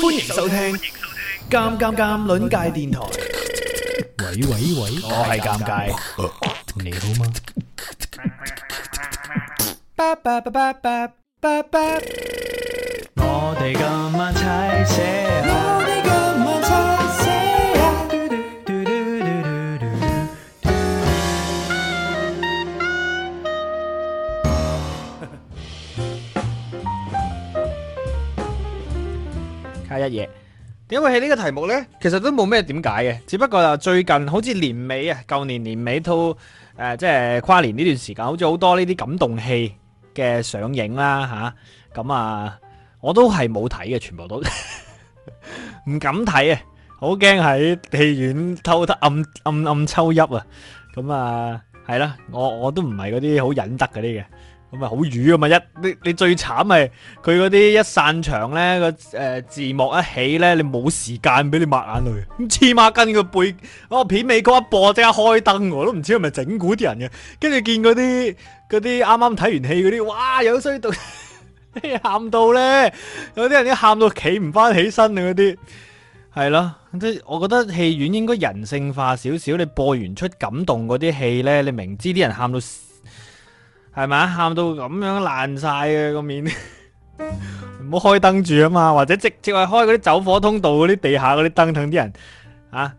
歡迎收聽《尷尷尷》鄰界電台。喂喂喂，我係尷尬，你好嗎？我哋今晚睇寫。乜嘢？因為喺呢個題目呢，其實都冇咩點解嘅，只不過就最近好似年尾啊，舊年年尾到誒，即係跨年呢段時間，好似好多呢啲感動戲嘅上映啦吓，咁啊，我都係冇睇嘅，全部都唔敢睇啊，好驚喺戲院偷偷暗暗暗抽泣啊，咁啊係啦，我我都唔係嗰啲好忍得嗰啲嘅。咪好瘀啊嘛！一你你最慘係佢嗰啲一散場咧個誒字幕一起咧，你冇時間俾你抹眼淚。咁黐孖筋跟個背哦片尾曲一播，即刻開燈，我都唔知係咪整蠱啲人嘅。跟住見嗰啲啲啱啱睇完戲嗰啲，哇有衰到喊到咧，有啲人啲喊到企唔翻起身啊！嗰啲係咯，即係我覺得戲院應該人性化少少。你播完出感動嗰啲戲咧，你明知啲人喊到。係咪啊，喊到咁樣爛晒嘅個面，唔 好開燈住啊嘛，或者直接去開嗰啲走火通道嗰啲地下嗰啲燈，等啲人啊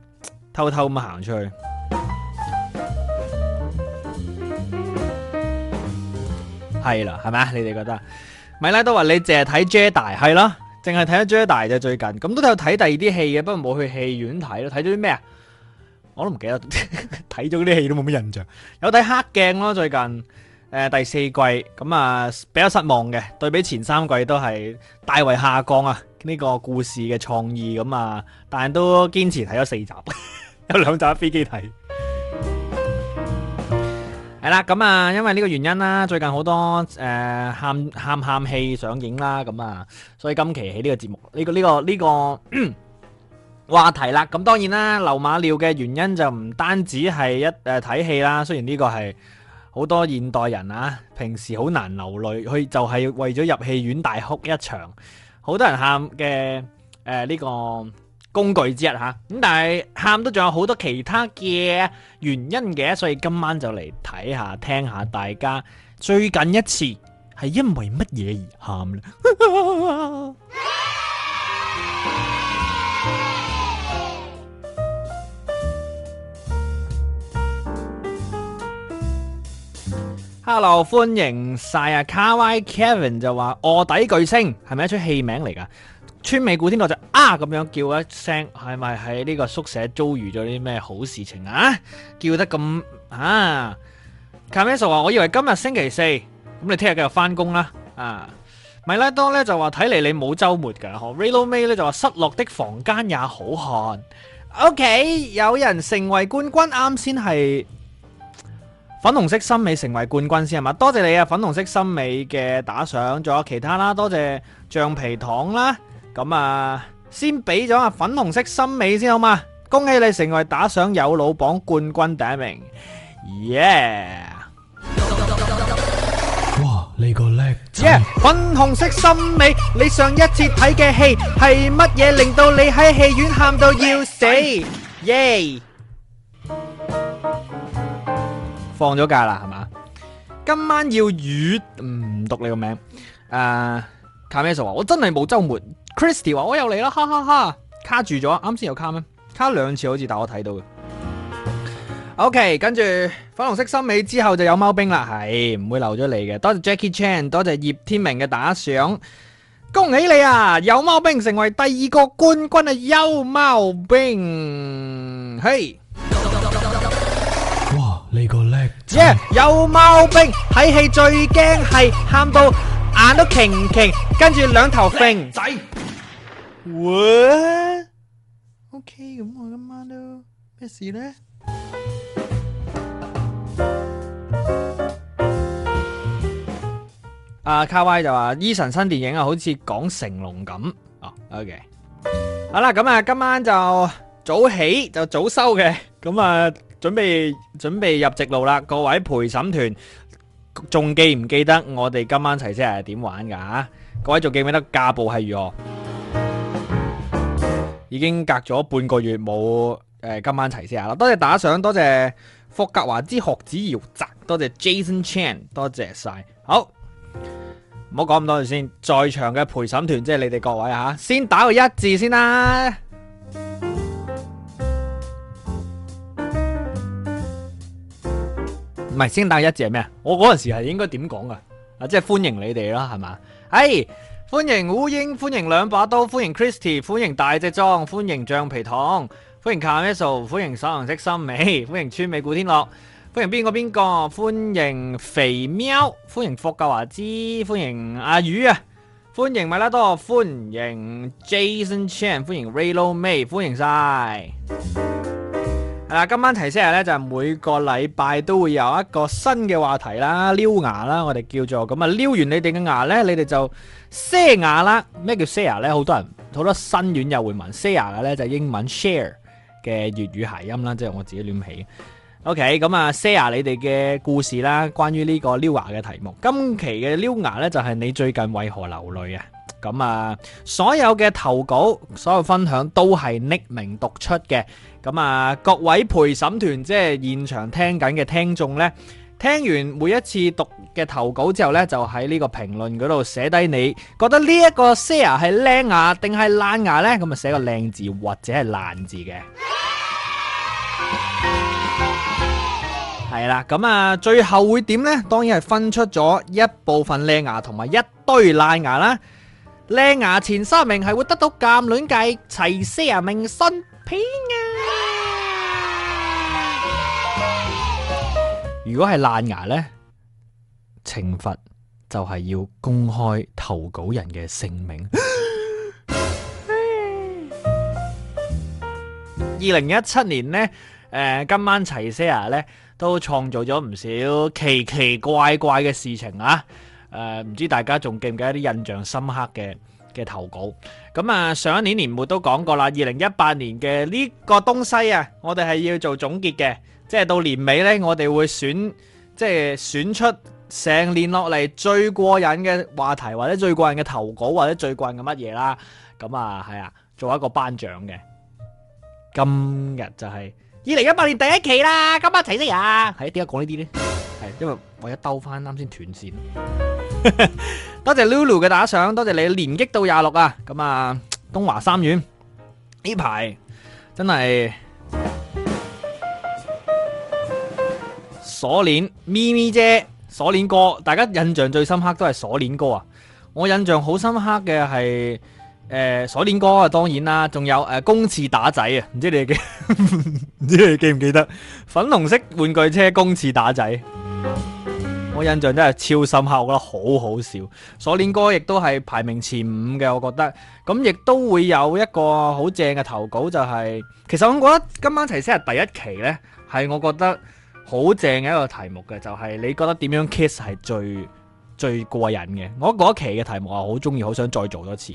偷偷咁行出去係啦，係咪啊？你哋覺得米拉都話你淨係睇 Jade 係咯，淨係睇咗 Jade 啫。最近咁都有睇第二啲戲嘅，不過冇去戲院睇咯。睇咗啲咩啊？我都唔記得睇咗啲戲都冇乜印象，有睇黑鏡咯，最近。誒、呃，第四季咁啊、嗯，比較失望嘅，對比前三季都係大為下降啊！呢、這個故事嘅創意咁啊、嗯嗯，但係都堅持睇咗四集，呵呵有兩集飛機睇。係 啦，咁、嗯、啊、嗯，因為呢個原因啦，最近好多誒喊喊喊戲上映啦，咁、嗯、啊，所以今期起呢個節目呢、這個呢、這個呢、這個話題啦，咁、嗯、當然啦，流馬尿嘅原因就唔單止係一誒睇戲啦，雖然呢個係。好多現代人啊，平時好難流淚，佢就係為咗入戲院大哭一場，好多人喊嘅誒呢個工具之一嚇。咁但係喊都仲有好多其他嘅原因嘅，所以今晚就嚟睇下、聽下大家最近一次係因為乜嘢而喊咧？ Hello，歡迎晒啊卡威 Kevin 就話卧底巨星係咪一出戲名嚟㗎？川美古天樂就啊咁樣叫一聲，係咪喺呢個宿舍遭遇咗啲咩好事情啊？叫得咁啊！Cameras 話：我以為今日星期四，咁你聽日繼續翻工啦。啊，米拉多咧就話：睇嚟你冇週末㗎。Reno y 咧就話：失落的房間也好看。OK，有人成為冠軍，啱先係。粉紅色心美成為冠軍先係嘛？多謝你啊，粉紅色心美嘅打賞，仲有其他啦，多謝橡皮糖啦，咁啊，先俾咗啊粉紅色心美先好嘛？恭喜你成為打賞有老榜冠軍第一名，耶！哇，你個叻仔！耶，粉紅色心美，你上一次睇嘅戲係乜嘢令到你喺戲院喊到要死？耶！放咗假啦，係嘛？今晚要月，唔、嗯、讀你個名。誒、呃，卡咩數啊？我真係冇周末。Christy 話：我又嚟啦，哈哈哈！卡住咗，啱先有卡咩？卡兩次好似，但我睇到嘅。OK，跟住粉紅色心尾之後就有貓兵啦，係唔會漏咗你嘅。多謝 Jackie Chan，多謝葉天明嘅打賞，恭喜你啊！有貓兵成為第二個冠軍啊！有貓兵，嘿、hey!。耶！有貓兵睇戲最驚係喊到眼都擎擎，跟住兩頭飛仔。喂，OK，咁我今晚都咩事呢？阿 Carry 就話 Eason 新電影啊，好似講成龍咁啊。OK，好啦，咁啊，今晚就早起就早收嘅，咁啊。準備準備入直路啦，各位陪審團仲記唔記得我哋今晚齊先係點玩噶？吓，各位仲記唔記得架步係如何，嗯？已經隔咗半個月冇誒、呃，今晚齊先啊！多謝打賞，多謝霍格華之學子姚澤，多謝 Jason Chan，多謝晒。好，唔好講咁多先。在場嘅陪審團即係你哋各位先打個一字先啦。唔係先打一隻係咩啊？我嗰陣時係應該點講噶？啊，即係歡迎你哋啦，係嘛？哎，歡迎烏鷹，歡迎兩把刀，歡迎 Christy，歡迎大隻裝，歡迎橡皮糖，歡迎 Cameso，歡迎粉紅色森美，歡迎川美古天樂，歡迎邊個邊個？歡迎肥喵，歡迎霍格華茲，歡迎阿宇啊，歡迎米拉多，歡迎 Jason Chan，歡迎 Raylow May，歡迎晒。嗱、啊，今晚提 share 咧就是、每個禮拜都會有一個新嘅話題啦，撩牙啦，我哋叫做咁啊，撩完你哋嘅牙咧，你哋就 share 牙、啊、啦。咩叫 share 咧？好多人好多新院又會問 share 嘅咧，就係、是、英文 share 嘅粵語諧音啦，即係我自己亂起。OK，咁啊，share 你哋嘅故事啦，關於呢個撩牙嘅題目。今期嘅撩牙咧就係、是、你最近為何流淚啊？咁啊，所有嘅投稿，所有分享都係匿名讀出嘅。咁啊，各位陪審團即係現場聽緊嘅聽眾呢，聽完每一次讀嘅投稿之後呢，就喺呢個評論嗰度寫低你覺得呢一個 share 係靚牙定係爛牙呢？」咁 啊樂，寫個靚字或者係爛字嘅。係啦，咁啊，最後會點呢？當然係分出咗一部分靚牙同埋一堆爛牙啦。靚牙前三名係會得到鑒戀計齊 share 明身。.如果係爛牙呢，懲罰就係要公開投稿人嘅姓名。二零一七年呢，誒、呃，今晚齊 Sir 咧都創造咗唔少奇奇怪怪嘅事情啊！誒、呃，唔知大家仲記唔記得啲印象深刻嘅嘅投稿，咁啊，上一年年末都講過啦。二零一八年嘅呢個東西啊，我哋係要做總結嘅，即係到年尾呢，我哋會選，即係選出成年落嚟最過癮嘅話題，或者最過癮嘅投稿，或者最過癮嘅乜嘢啦。咁啊，係啊，做一個頒獎嘅。今日就係二零一八年第一期啦，今晚齊些牙。係點解講呢啲呢？係因為我一兜翻啱先斷線。 多謝 Lulu 嘅打賞，多謝你連擊到廿六啊！咁啊，東華三院呢排真係鎖鏈咪咪姐，鎖鏈哥，大家印象最深刻都係鎖鏈哥啊！我印象好深刻嘅係誒鎖鏈哥啊，當然啦，仲有誒、呃、公廁打仔啊！唔知你哋記唔知你記唔記得，呵呵，記唔記得粉紅色玩具車公廁打仔？我印象真係超深刻，我覺得好好笑。鎖鏈哥亦都係排名前五嘅，我覺得。咁亦都會有一個好正嘅投稿。就係、是、其實我覺得今晚齊先係第一期呢，係我覺得好正嘅一個題目嘅，就係、是、你覺得點樣 kiss 係最最過癮嘅？我嗰期嘅題目我好中意，好想再做多次。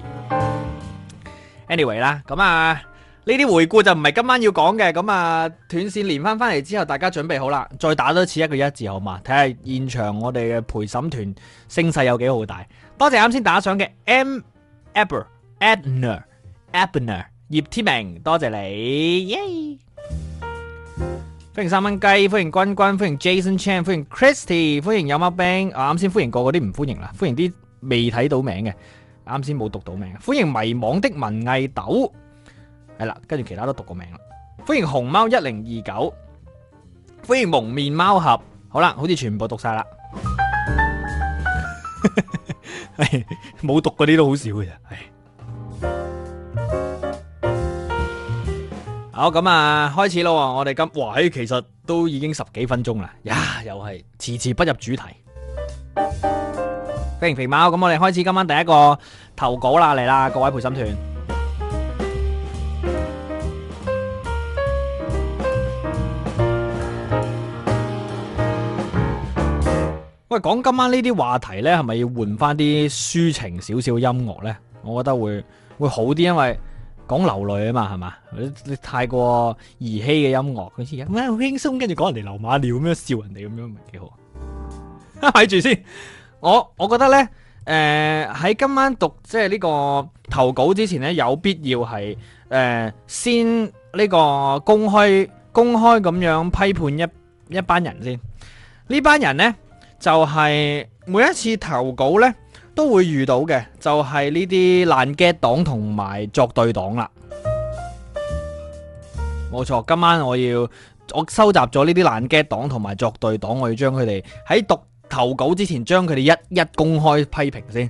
Anyway 啦，咁啊。呢啲回顧就唔係今晚要講嘅，咁啊斷線連翻翻嚟之後，大家準備好啦，再打多一次一個一字好嘛？睇下現場我哋嘅陪審團聲勢有幾好大。多謝啱先打賞嘅 M Abner Abner Abner 葉天明，多謝你！Yay! 歡迎三蚊雞，歡迎君君，歡迎 Jason Chan，歡迎 Christy，歡迎有貓兵。啱先歡迎過嗰啲唔歡迎啦，歡迎啲未睇到名嘅，啱先冇讀到名，歡迎迷惘的文藝豆。係啦，跟住其他都讀個名啦。歡迎熊貓一零二九，歡迎蒙面貓俠。好啦，好似全部讀晒啦，冇 讀嗰啲都好少嘅啫。好，咁啊，開始咯！我哋今哇，其實都已經十幾分鐘啦。呀，又係遲遲不入主題。歡迎肥貓，咁我哋開始今晚第一個投稿啦，嚟啦，各位陪審團。喂，講今晚呢啲話題呢，係咪要換翻啲抒情少少音樂呢？我覺得會會好啲，因為講流淚啊嘛，係嘛？你太過兒戲嘅音樂，好似咩好輕鬆，跟住講人哋流馬尿咁樣笑人哋咁樣，咪係幾好啊？睇住先，我我覺得呢，誒、呃、喺今晚讀即係呢、這個投稿之前呢，有必要係誒、呃、先呢、這個公開公開咁樣批判一一班人先呢班人呢。就係、是、每一次投稿呢，都會遇到嘅，就係呢啲爛 get 黨同埋作對黨啦。冇錯，今晚我要我收集咗呢啲爛 get 黨同埋作對黨，我要將佢哋喺讀投稿之前，將佢哋一一公開批評先。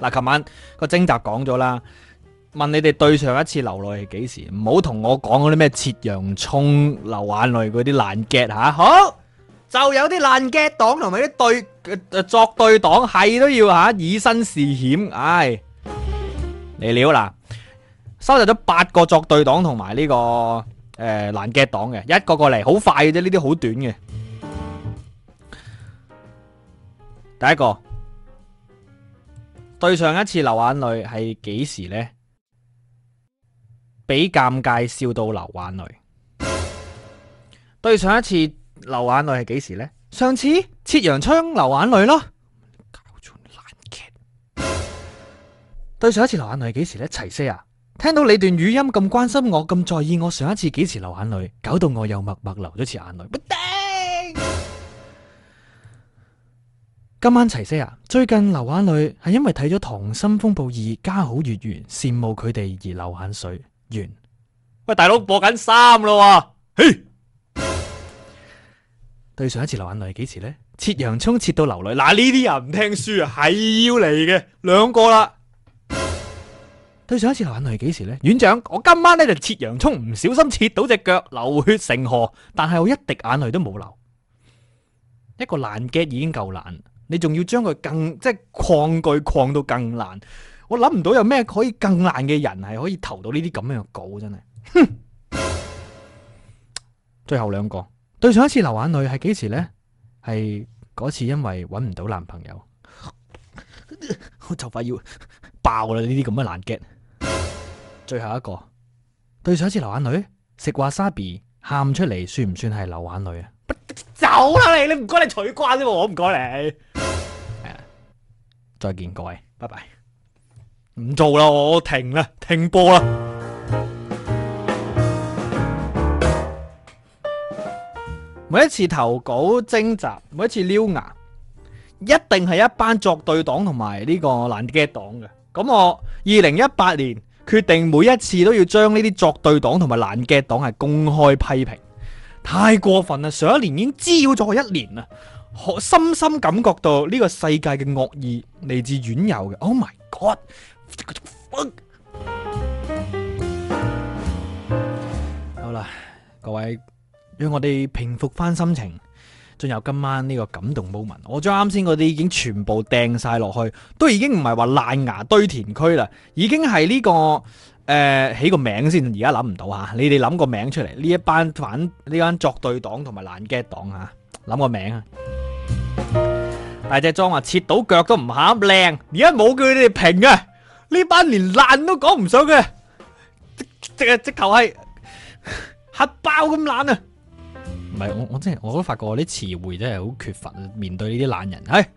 嗱、嗯，琴晚個徵集講咗啦。問你哋對上一次流淚係幾時？唔好同我講嗰啲咩切洋蔥流眼淚嗰啲爛 gag 吓。好，就有啲爛 gag 黨同埋啲對、呃、作對黨係都要吓，以身試險。唉、哎、嚟了啦，收集咗八個作對黨同埋呢個誒爛、呃、gag 黨嘅一個過嚟，好快嘅啫，呢啲好短嘅。第一個，對上一次流眼淚係幾時呢？俾尷尬笑到流眼淚。對上一次流眼淚係幾時呢？上次《切洋蔥》流眼淚咯。搞錯爛劇。對上一次流眼淚係幾時呢？齊些牙！聽到你段語音咁關心我，咁在意我，上一次幾時流眼淚？搞到我又默默流咗次眼淚。今晚齊些牙！最近流眼淚係因為睇咗《溏心風暴二》，家好月圓，羨慕佢哋而流眼水。完，喂，大佬播緊三咯！嘿！對上一次流眼淚係幾時咧？切洋蔥切到流淚，嗱呢啲人唔聽書啊，係要嚟嘅，兩個啦。對上一次流眼淚係幾時咧？院長，我今晚呢就切洋蔥，唔小心切到隻腳，流血成河，但係我一滴眼淚都冇流。一個難嘅已經夠難，你仲要將佢更即係抗拒抗到更難。我諗唔到有咩可以更難嘅人係可以投到呢啲咁樣嘅稿，真係。哼！ 最後兩個，對上一次流眼淚係幾時呢？係嗰次因為揾唔到男朋友， 我就快要爆啦！呢啲咁嘅難 get。 最後一個，對上一次流眼淚，食話沙比喊出嚟，算唔算係流眼淚啊？走啦你！你唔該你取關啫，我唔該你、 啊。再見各位，拜拜。唔做啦，我停啦，停播啦。每一次投稿徵集，每一次撩牙，一定係一班作對黨同埋呢個爛 gag 黨嘅。咁我二零一八年決定，每一次都要將呢啲作對黨同埋爛 gag 黨係公開批評，太過分啦！上一年已經滋擾咗我一年啦，我深深感覺到呢個世界嘅惡意嚟自院友嘅。Oh my god！ 好啦，各位，讓我哋平復翻心情，進入今晚呢個感動 moment。我將啱先嗰啲已經全部掟晒落去，都已經唔係話爛牙堆填區啦，已經係呢、這個誒、呃、起個名先，而家諗唔到吓，你哋諗個名出嚟。呢一班反呢班作對黨同埋爛 get 黨吓，諗個名啊！ 大隻莊啊，切到腳都唔喊靚，而家冇叫你哋平啊！呢班連爛都講唔上嘅，直啊直，直頭係黑包咁爛啊！唔係我我真係我都發覺我啲詞彙真係好缺乏。面對呢啲懶人，唉，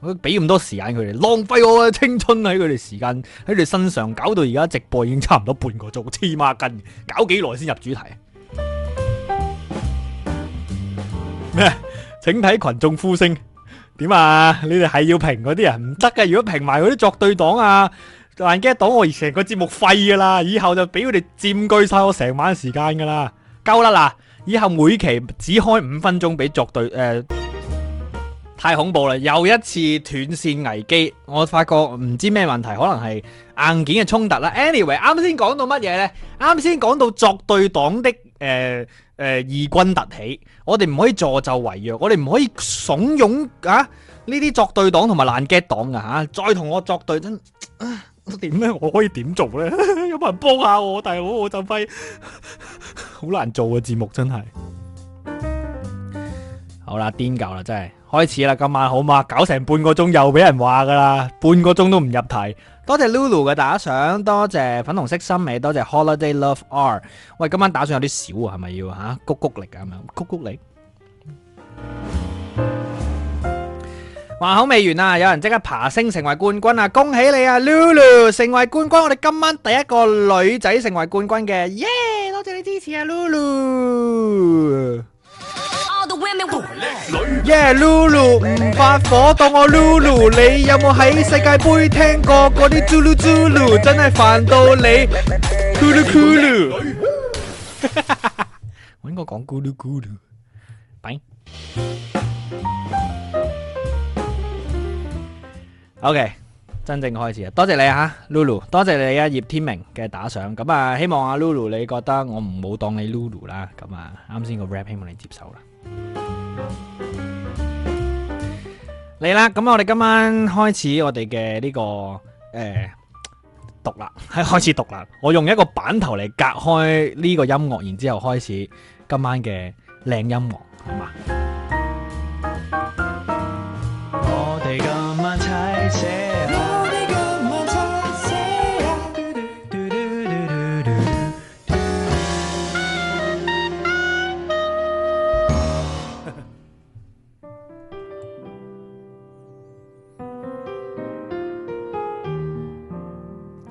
我俾咁多時間佢哋，浪費我嘅青春喺佢哋時間，喺佢哋身上搞到而家直播已經差唔多半個鐘，黐孖筋，搞幾耐先入主題？咩？ 請睇群眾呼聲，點啊？你哋係要評嗰啲人唔得嘅，如果評埋嗰啲作對黨啊！爛 get 黨，我而成個節目廢噶啦！以後就俾佢哋佔據晒我成晚時間噶啦，夠啦啦！以後每期只開五分鐘俾作對誒、呃，太恐怖啦！又一次斷線危機，我發覺唔知咩問題，可能係硬件嘅衝突啦。Anyway，啱先講到乜嘢呢？啱先講到作對黨嘅誒誒異軍突起，我哋唔可以助紂為虐，我哋唔可以慫恿啊呢啲作對黨同埋爛 get 黨噶吓，再同我作對真。呃點咧？我可以點做咧？ 有冇人幫下我？大佬，我就費好 難做嘅節目真係好啦，癲夠啦，真係開始啦！今晚好嘛？搞成半個鐘又俾人話噶啦，半個鐘都唔入題。多謝 Lulu 嘅打賞，多謝粉紅色心美，多謝 Holiday Love R。喂，今晚打算有啲少啊？係咪要吓？谷谷力啊？咪谷谷力？.話、啊、口未完啊！有人即刻爬升成為冠軍啊！恭喜你啊，Lulu 成為冠軍，我哋今晚第一個女仔成為冠軍嘅，耶、yeah,！多謝你支持啊，Lulu。耶、yeah,，Lulu 唔發火，當我 Lulu，你有冇喺世界杯聽過嗰啲 Lulu Lulu？真係煩到你，Coolu Coolu。我應該講 Coolu Coolu。拜。 O K，真正開始啊！多謝你吓，Lulu，多謝你啊，葉天明嘅打賞。咁啊，希望阿 Lulu，你覺得我唔好當你 Lulu 啦。咁啊，啱先個 rap 希望你接受啦。嚟啦，咁我哋今晚開始我哋嘅呢個誒讀啦，喺開始讀啦。我用一個板頭嚟隔開呢個音樂，然之後開始今晚嘅靚音樂，係嘛？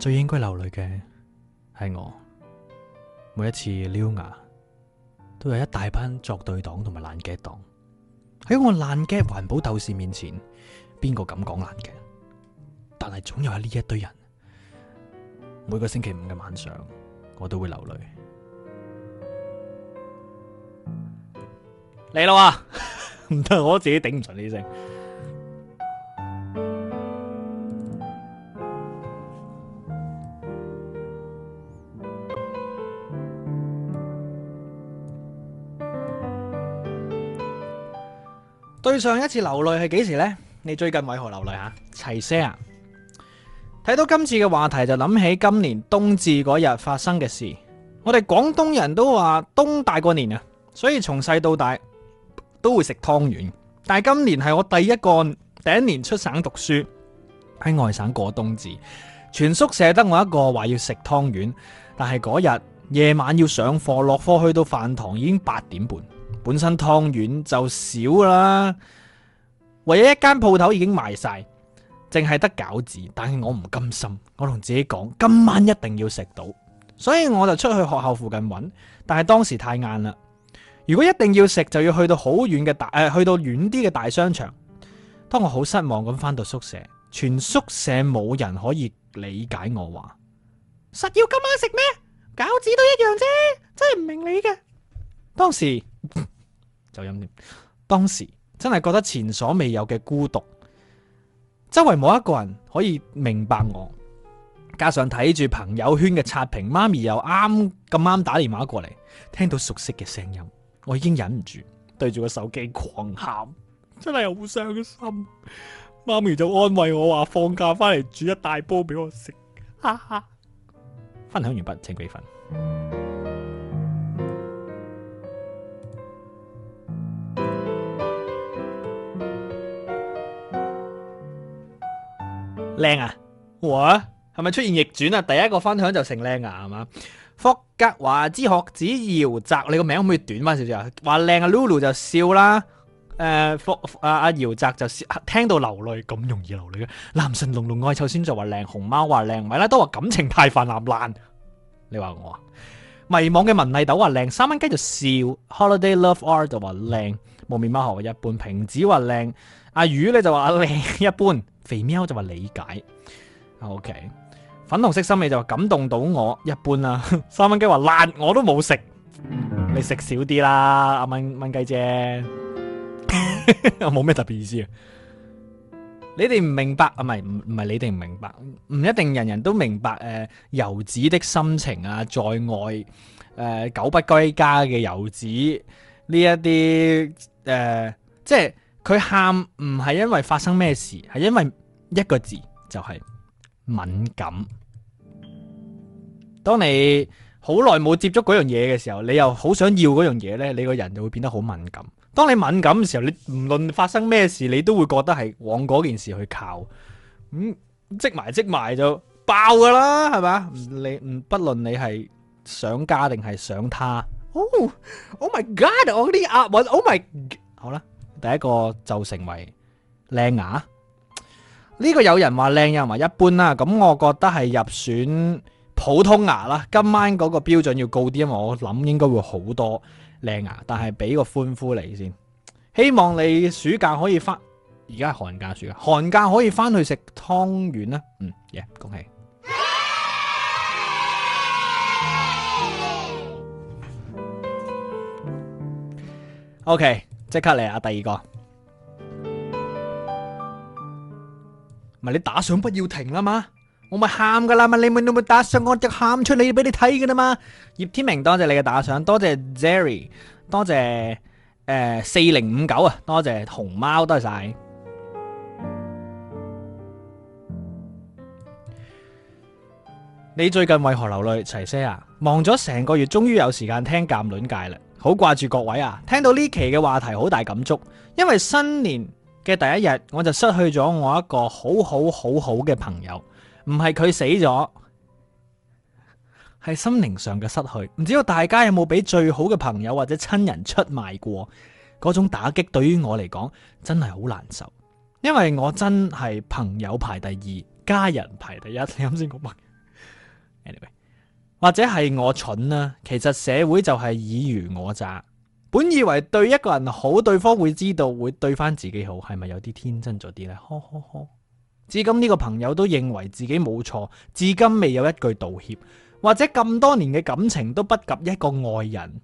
最應該流淚嘅係我，每一次撩牙都有一大班作對黨同埋爛嘅黨。喺我爛嘅環保鬥士面前，邊個敢講爛嘅？但係總有喺呢一堆人，每個星期五嘅晚上，我都會流淚。嚟啦，啊，唔得，我自己頂唔順呢啲聲。.對上一次流淚係幾時呢？你最近為何流淚吓、啊？齊些牙，睇到今次嘅話題就諗起今年冬至嗰日發生嘅事。我哋廣東人都話冬大過年啊，所以從細到大都會食湯圓。但係今年係我第一個第一年出省讀書喺外省過冬至，全宿舍得我一個話要食湯圓，但係嗰日夜晚要上課，落課去到飯堂已經八點半。本身湯圓就少啦，唯有一間鋪頭已經賣晒，淨係得餃子。但係我唔甘心，我同自己講今晚一定要食到，所以我就出去學校附近揾。但係當時太晏啦，如果一定要食，就要去到好遠嘅大誒、呃，去到遠啲嘅大商場。當我好失望咁翻到宿舍，全宿舍冇人可以理解我話，實要今晚食咩餃子都一樣啫，真係唔明你嘅。當時。就飲，當時真係覺得前所未有嘅孤獨，周圍冇一個人可以明白我，加上睇住朋友圈嘅刷屏，媽咪又啱咁啱打電話過嚟，聽到熟悉嘅聲音，我已經忍唔住對住個手機狂喊，真係好傷心。媽咪就安慰我話：放假翻嚟煮一大煲俾我食。哈哈，分享完畢，請備份。靚啊，哇，係咪出現逆轉啊？第一個分享就成靚啊，係嘛？霍格華茲學子姚澤，你個名可唔可以短翻少少啊？話靚啊，Lulu 就笑啦，誒、呃、霍啊阿姚澤就笑聽到流淚，咁容易流淚嘅？男神隆隆愛臭先就話靚，熊貓話靚，咪啦，都話感情太泛濫，你話我啊？迷茫嘅文麗豆話靚，三蚊雞就笑，Holiday Love R 就話靚，木面貓學一半，瓶子話靚，阿魚咧就話靚一般。肥貓就話理解，OK，粉紅色心你就話感動到我，一般啦，三蚊雞話爛我都冇食，你食少啲啦，阿蚊蚊雞啫，我冇咩特別意思啊，你哋唔明白啊？唔係唔唔係你哋唔明白，唔一定人人都明白誒，遊子的心情啊，在外誒久不歸家嘅遊子呢一啲誒，即係。佢喊唔係因為發生咩事，係因為一個字就係敏感。當你好耐冇接觸嗰樣嘢嘅時候，你又好想要嗰樣嘢呢，你個人就會變得好敏感。當你敏感嘅時候，你唔論發生咩事，你都會覺得係往嗰件事去靠。咁積埋積埋就爆噶啦，係咪？你唔不論你係想家定係想他。Oh, oh my god！我啲押韻 oh my 好啦。第一個就成為靚牙，呢個有人話靚又話一般啦。咁我覺得係入選普通牙啦。今晚嗰個標準要高啲，因為我諗應該會好多靚牙。但係俾個歡呼你先，希望你暑假可以翻，而家係寒假，暑假，暑寒假可以翻去食湯圓啦。嗯，耶，yeah，恭喜。OK。即刻嚟啊！第二個，唔係 你打賞不要停啦嘛，我咪喊噶啦，咪你咪你咪打賞我就喊出嚟俾你睇噶啦嘛！葉天明，多謝你嘅打賞，多謝 Zerry，多謝誒四零五九啊，呃、4059，多謝熊貓，多謝晒， 你最近為何流淚？齊些、啊、忙咗成個月，終於有時間聽鑑戀界啦。好掛住各位啊！聽到呢期嘅話題好大感觸，因為新年嘅第一日我就失去咗我一個好好好好嘅朋友，唔係佢死咗，係心靈上嘅失去。唔知道大家有冇俾最好嘅朋友或者親人出賣過？嗰種打擊對於我嚟講真係好難受，因為我真係朋友排第二，家人排第一。你有冇聽講過？Anyway。或者係我蠢啦、啊，其實社會就係爾虞我詐。本以為對一個人好，對方會知道會對翻自己好，係咪有啲天真咗啲呢？呵呵呵！至今呢個朋友都認為自己冇錯，至今未有一句道歉，或者咁多年嘅感情都不及一個愛人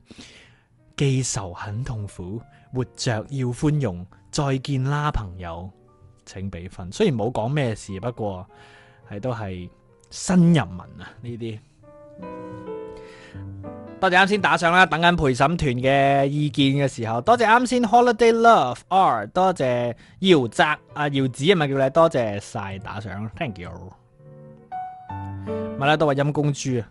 記仇，很痛苦。活着要寬容，再見啦，朋友，請俾分。雖然冇講咩事，不過係都係新人民啊呢啲。多謝啱先打賞啦，等緊陪審團嘅意見嘅時候，多謝啱先 Holiday Love R，多謝姚澤阿、啊、姚子，係咪叫你？多謝晒打賞，Thank you。咪啦，都話陰公豬啊，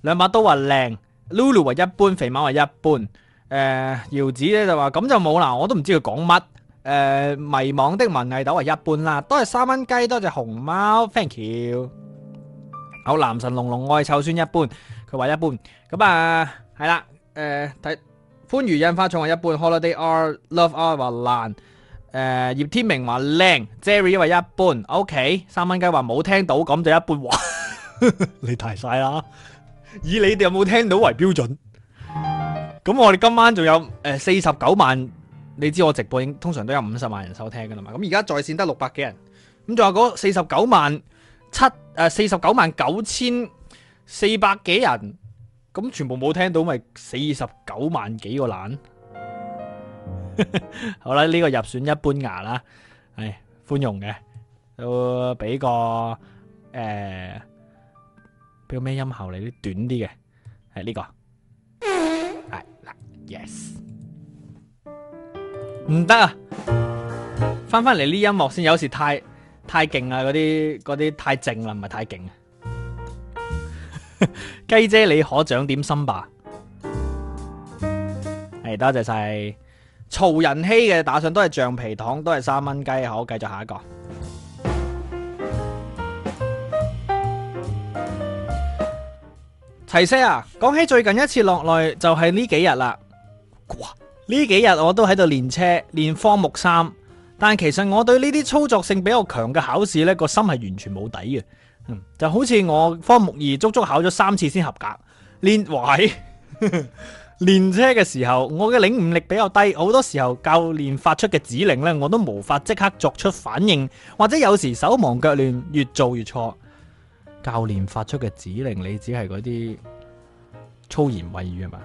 兩把都話靚，Lulu 話一般，肥貓話一般。誒、呃，姚子咧就話咁就冇啦，我都唔知佢講乜。誒、呃，迷茫的文藝豆話一般啦，都係三蚊雞，多隻熊貓，Thank you。有男神龍龍愛臭酸一般，佢話一般咁啊係啦，誒睇番禺印花仲話一般，holiday or love or 爛，誒葉天明話靚，Jerry 話一般，OK 三蚊雞話冇聽到，咁就一般話，你大晒啦，以你哋有冇聽到為標準，咁我哋今晚仲有誒四十九萬，你知我直播應通常都有五十萬人收聽噶啦嘛，咁而家在線得六百幾人，咁仲有嗰四十九萬。七誒、呃、四,四,四十九萬九千四百幾人，咁全部冇聽到，咪四十九萬幾個懶。好啦，呢個入選一般牙啦，唉、哎，寬容嘅，都俾個誒俾、呃、個咩音效嚟啲短啲嘅，係呢、這個係嗱 Yes 唔得啊，翻翻嚟呢音樂先，有時太太勁啊！嗰啲嗰啲太靜啦，唔係太勁。 雞姐，你可長點心吧。係， 多謝晒，曹仁熙嘅打上都係橡皮糖，都係三蚊雞。好，繼續下一個。齊些牙，講起最近一次落淚，就係、是、呢幾日啦。呢幾日我都喺度練車，練科目三。但其實我對呢啲操作性比較強嘅考試呢，個心係完全冇底嘅，嗯，就好似我科目二足足考咗三次先合格。練哇練車嘅時候，我嘅領悟力比較低，好多時候教練發出嘅指令呢，我都無法即刻作出反應，或者有時手忙腳亂，越做越錯。教練發出嘅指令，你只係嗰啲粗言穢語吧？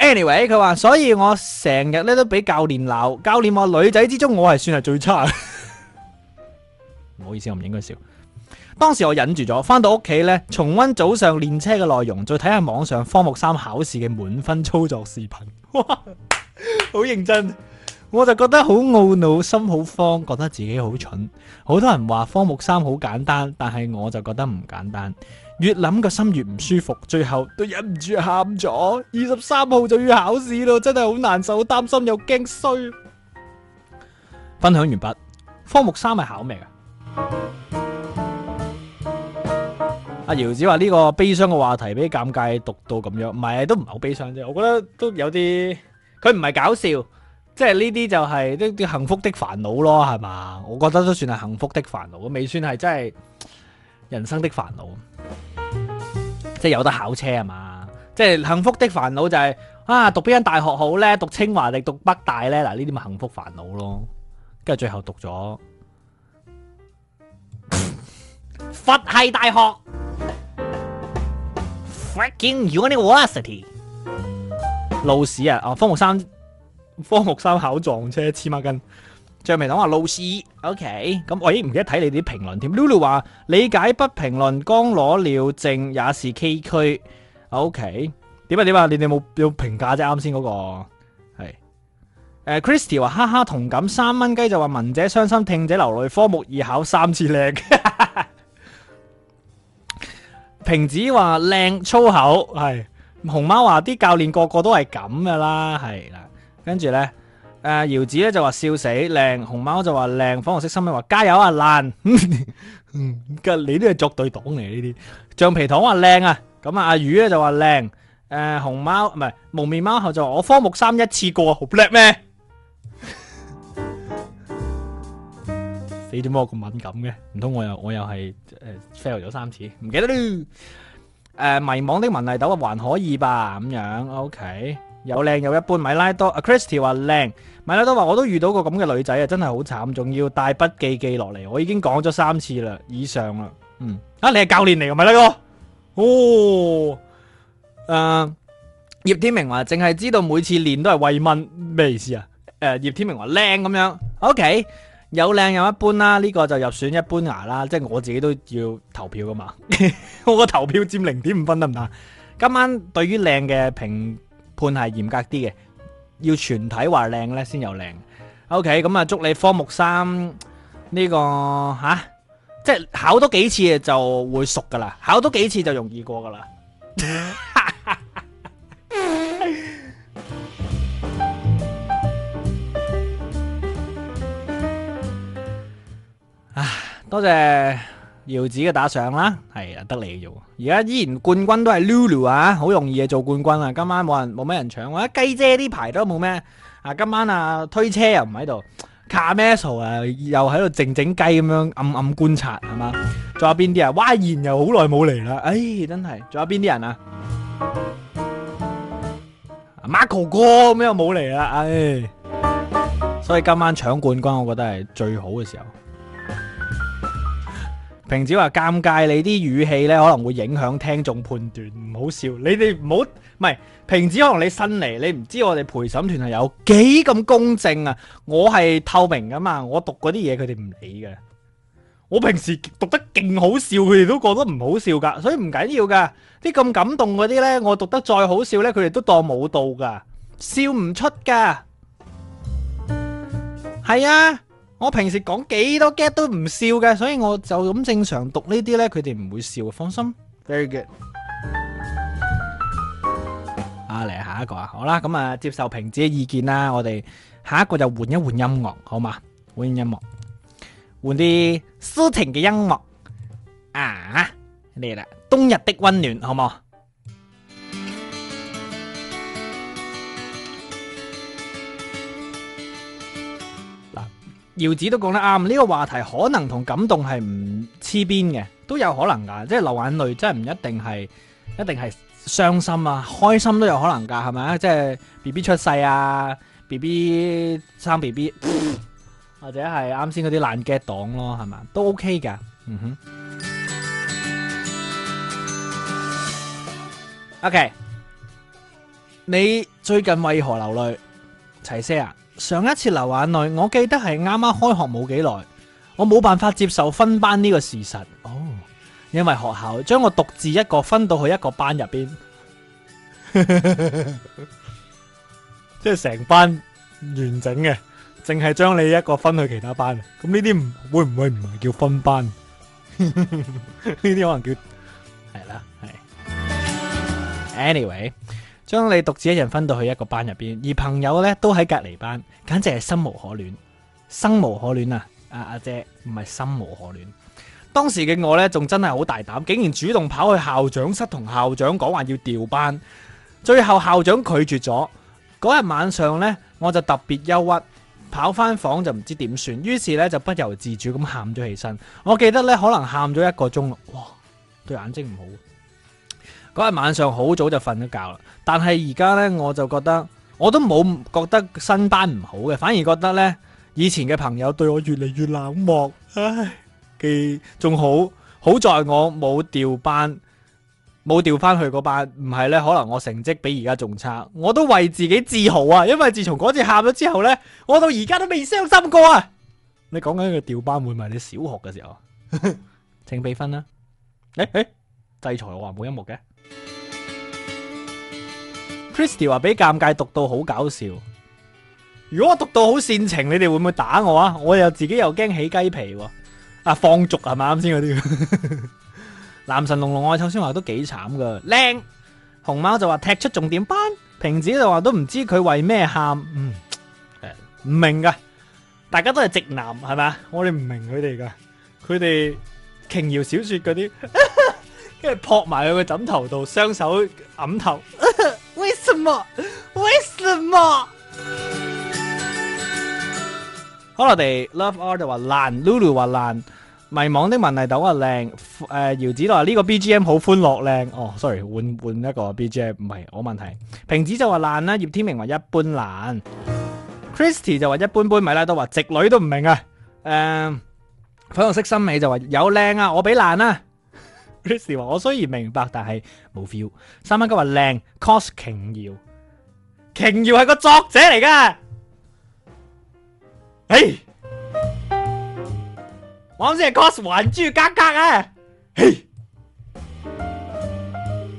Anyway, 佢話所以我成日咧，都俾教練鬧，教練話女仔之中我係算係最差。唔 好意思我唔應該笑，當時我忍住咗，翻到屋企呢，重溫早上練車嘅內容，再睇下網上科目三考試嘅滿分操作視頻， 好認真，我就覺得好懊惱，心好慌，覺得自己好蠢，好多人話科目三好簡單，但係我就覺得唔簡單。越諗個心越唔舒服，最後都忍唔住喊咗。二十三號就要考試咯，真係好難受，好擔心又驚衰。分享完畢，科目三係考咩啊？阿姚子話呢個悲傷嘅話題，俾尷尬讀到咁樣，唔係都唔係好悲傷啫。我覺得都有啲，佢唔係搞笑，即係呢啲就係啲幸福的煩惱咯，係嘛？我覺得都算係幸福的煩惱，未算係真係人生的煩惱。即係有得考車係嘛，即係幸福的煩惱就係、是、啊，讀邊間大學好咧？讀清華定讀北大咧？嗱呢啲咪幸福煩惱咯，跟住最後讀咗佛系大學 Fucking University，路屎啊！哦、啊、科目三，科目三考撞車黐孖筋。張明等話老師，OK，咁我已經唔記得睇你哋啲評論添。Lulu 話理解不評論，剛攞了證也是崎嶇，OK。點啊點啊，你哋冇有評價啫？啱先嗰個係，誒，Christy 話哈哈同感，三蚊雞就話聞者傷心，聽者流淚，科目二考三次靚。瓶子話靚粗口，係熊貓話啲教練個個都係咁噶啦，係啦，跟住咧。誒、uh,，瑤子咧就話笑死靚，熊貓就話靚，方木色心咧話加油啊爛，嗯，咁 你都係作對黨嚟呢啲，橡皮糖話靚啊，咁啊阿魚咧就話靚，誒、呃、熊貓唔係蒙面貓就說我科目三一次過好叻咩？你點解我咁敏感嘅？唔通我又我又係誒 fail 咗三次？唔記得啦。誒、uh,，迷惘的文藝豆啊，還可以吧咁樣，OK。有靚又一般，米拉多。阿、啊、Christy 話靚，米拉多話我都遇到過咁嘅女仔啊，真係好慘，仲要帶筆記記落嚟。我已經講咗三次啦，以上啦。嗯，啊你係教練嚟嘅米拉哥，哦，誒、呃、葉天明話淨係知道每次練都係慰問，咩意思啊？誒、呃、葉天明話靚咁樣，OK，有靚又一般啦，呢、這個就入選一般牙啦，即、就、係、是、我自己都要投票㗎嘛， 我個投票佔零點五分得唔得？今晚對於靚嘅評判係嚴格啲嘅，要全體話靚呢先有靚。OK，咁啊，祝你科目三呢個嚇，即係考多幾次就會熟噶啦，考多幾次就容易過噶啦。唉，多謝。姚子嘅打上啦，係啊，得你啫喎。而家依然冠軍都係 Lulu 啊，好容易啊做冠軍啊。今晚冇人冇咩人搶啊。雞姐呢排都冇咩啊，今晚啊推車又唔喺度，Camero 啊又喺度靜靜雞咁樣暗暗觀察，係嘛？仲有邊啲啊？Yan 又好耐冇嚟啦，哎，真係。仲有邊啲人啊？Marco 哥咩又冇嚟啦，唉、哎！所以今晚搶冠軍，我覺得係最好嘅時候。平子話尷尬，你啲語氣咧可能會影響聽眾判斷，唔好笑。你哋唔好，唔係。平子可能你新嚟，你唔知我哋陪審團係有幾咁公正啊！我係透明噶嘛，我讀嗰啲嘢，佢哋唔理嘅。我平時讀得勁好笑，佢哋都覺得唔好笑噶，所以唔緊要噶啲咁感動嗰啲咧，我讀得再好笑咧，佢哋都當冇到噶笑唔出噶係啊。我平時講幾多 get 都唔笑嘅，所以我就咁正常讀呢啲呢，佢哋唔會笑，放心。Very good。啊，嚟下一個啊，好啦，咁啊接受評姐嘅意見啦，我哋下一個就換一換音樂，好嘛？換音樂，換啲抒情嘅音樂啊！你嚟啦，冬日的溫暖，好冇？姚子都講得啱，呢個話題可能同感動係唔黐邊嘅，都有可能噶，即係流眼淚，真係唔一定係一定係傷心啊，開心都有可能噶，係咪啊？即係 B B 出世啊，B B 生 B B， 或者係啱先嗰啲爛嘅檔咯，係咪？都 OK 噶，嗯哼 OK，你最近為何流淚？齊 Sir 啊。上一次流眼淚，我記得係啱啱開學冇幾耐，我冇辦法接受分班呢個事實。哦，因為學校將我獨自一個分到去一個班入邊，即係成班完整嘅，淨係將你一個分去其他班。咁呢啲唔會唔會唔係叫分班？呢 啲可能叫係啦。係。 Anyway。將你獨自一人分到去一個班入邊，而朋友咧都喺隔離班，簡直係心無可戀，生無可戀啊啊，唔係心無可戀啊！阿阿姐，唔係心無可戀。當時嘅我咧，仲真係好大膽，竟然主動跑去校長室同校長講，話要調班。最後校長拒絕咗。嗰日晚上咧，我就特別憂鬱，跑翻房就唔知點算，於是咧就不由自主咁喊咗起身。我記得咧，可能喊咗一個鐘咯，哇，對眼睛唔好。嗰日晚上好早就瞓咗覺啦。但係而家呢，我就覺得我都冇覺得新班唔好嘅，反而覺得呢，以前嘅朋友對我越嚟越冷漠，唉，仲好好在我冇調班，冇調翻去嗰班，唔係呢，可能我成績比而家仲差，我都為自己自豪啊！因為自從嗰次喊咗之後呢，我到而家都未傷心過啊！你講緊嘅調班會唔會係你小學嘅時候？ 請俾分啦，啊欸欸！制裁我話冇音樂嘅。Kristy 話俾尷尬讀到好搞笑，如果我讀到好煽情，你哋會唔會打我啊？我又自己又驚起雞皮喎、啊，啊放逐係咪啱先嗰啲？是是剛才 男神龍龍愛臭先話都幾慘噶，靚熊貓就話踢出重點班，瓶子就話都唔知佢為咩喊，嗯，呃、唔明噶，大家都係直男係咪？我哋唔明佢哋噶，佢哋瓊瑤小說嗰啲，跟住撲埋佢個枕頭度，雙手揞頭。 為什麼？為什麼？好啦，我哋 Love Order 話爛，Lulu 話爛，迷茫的文藝豆話靚，誒、呃，姚子就話呢個 BGM 好歡樂靚。哦、oh，sorry，換換一個 BGM，唔係我問題。瓶子就話爛啦，葉天明話一般爛，Christy 就話一般般，米拉都話直女都唔明啊。誒、呃，粉紅色心美就話有靚啊，我俾爛啊。話 我雖然明白，但係冇 feel。三蚊今話靚，cos 瓊瑤，瓊瑤係個作者嚟噶。嘿、hey!，我諗住 cos 還珠格格啊。嘿，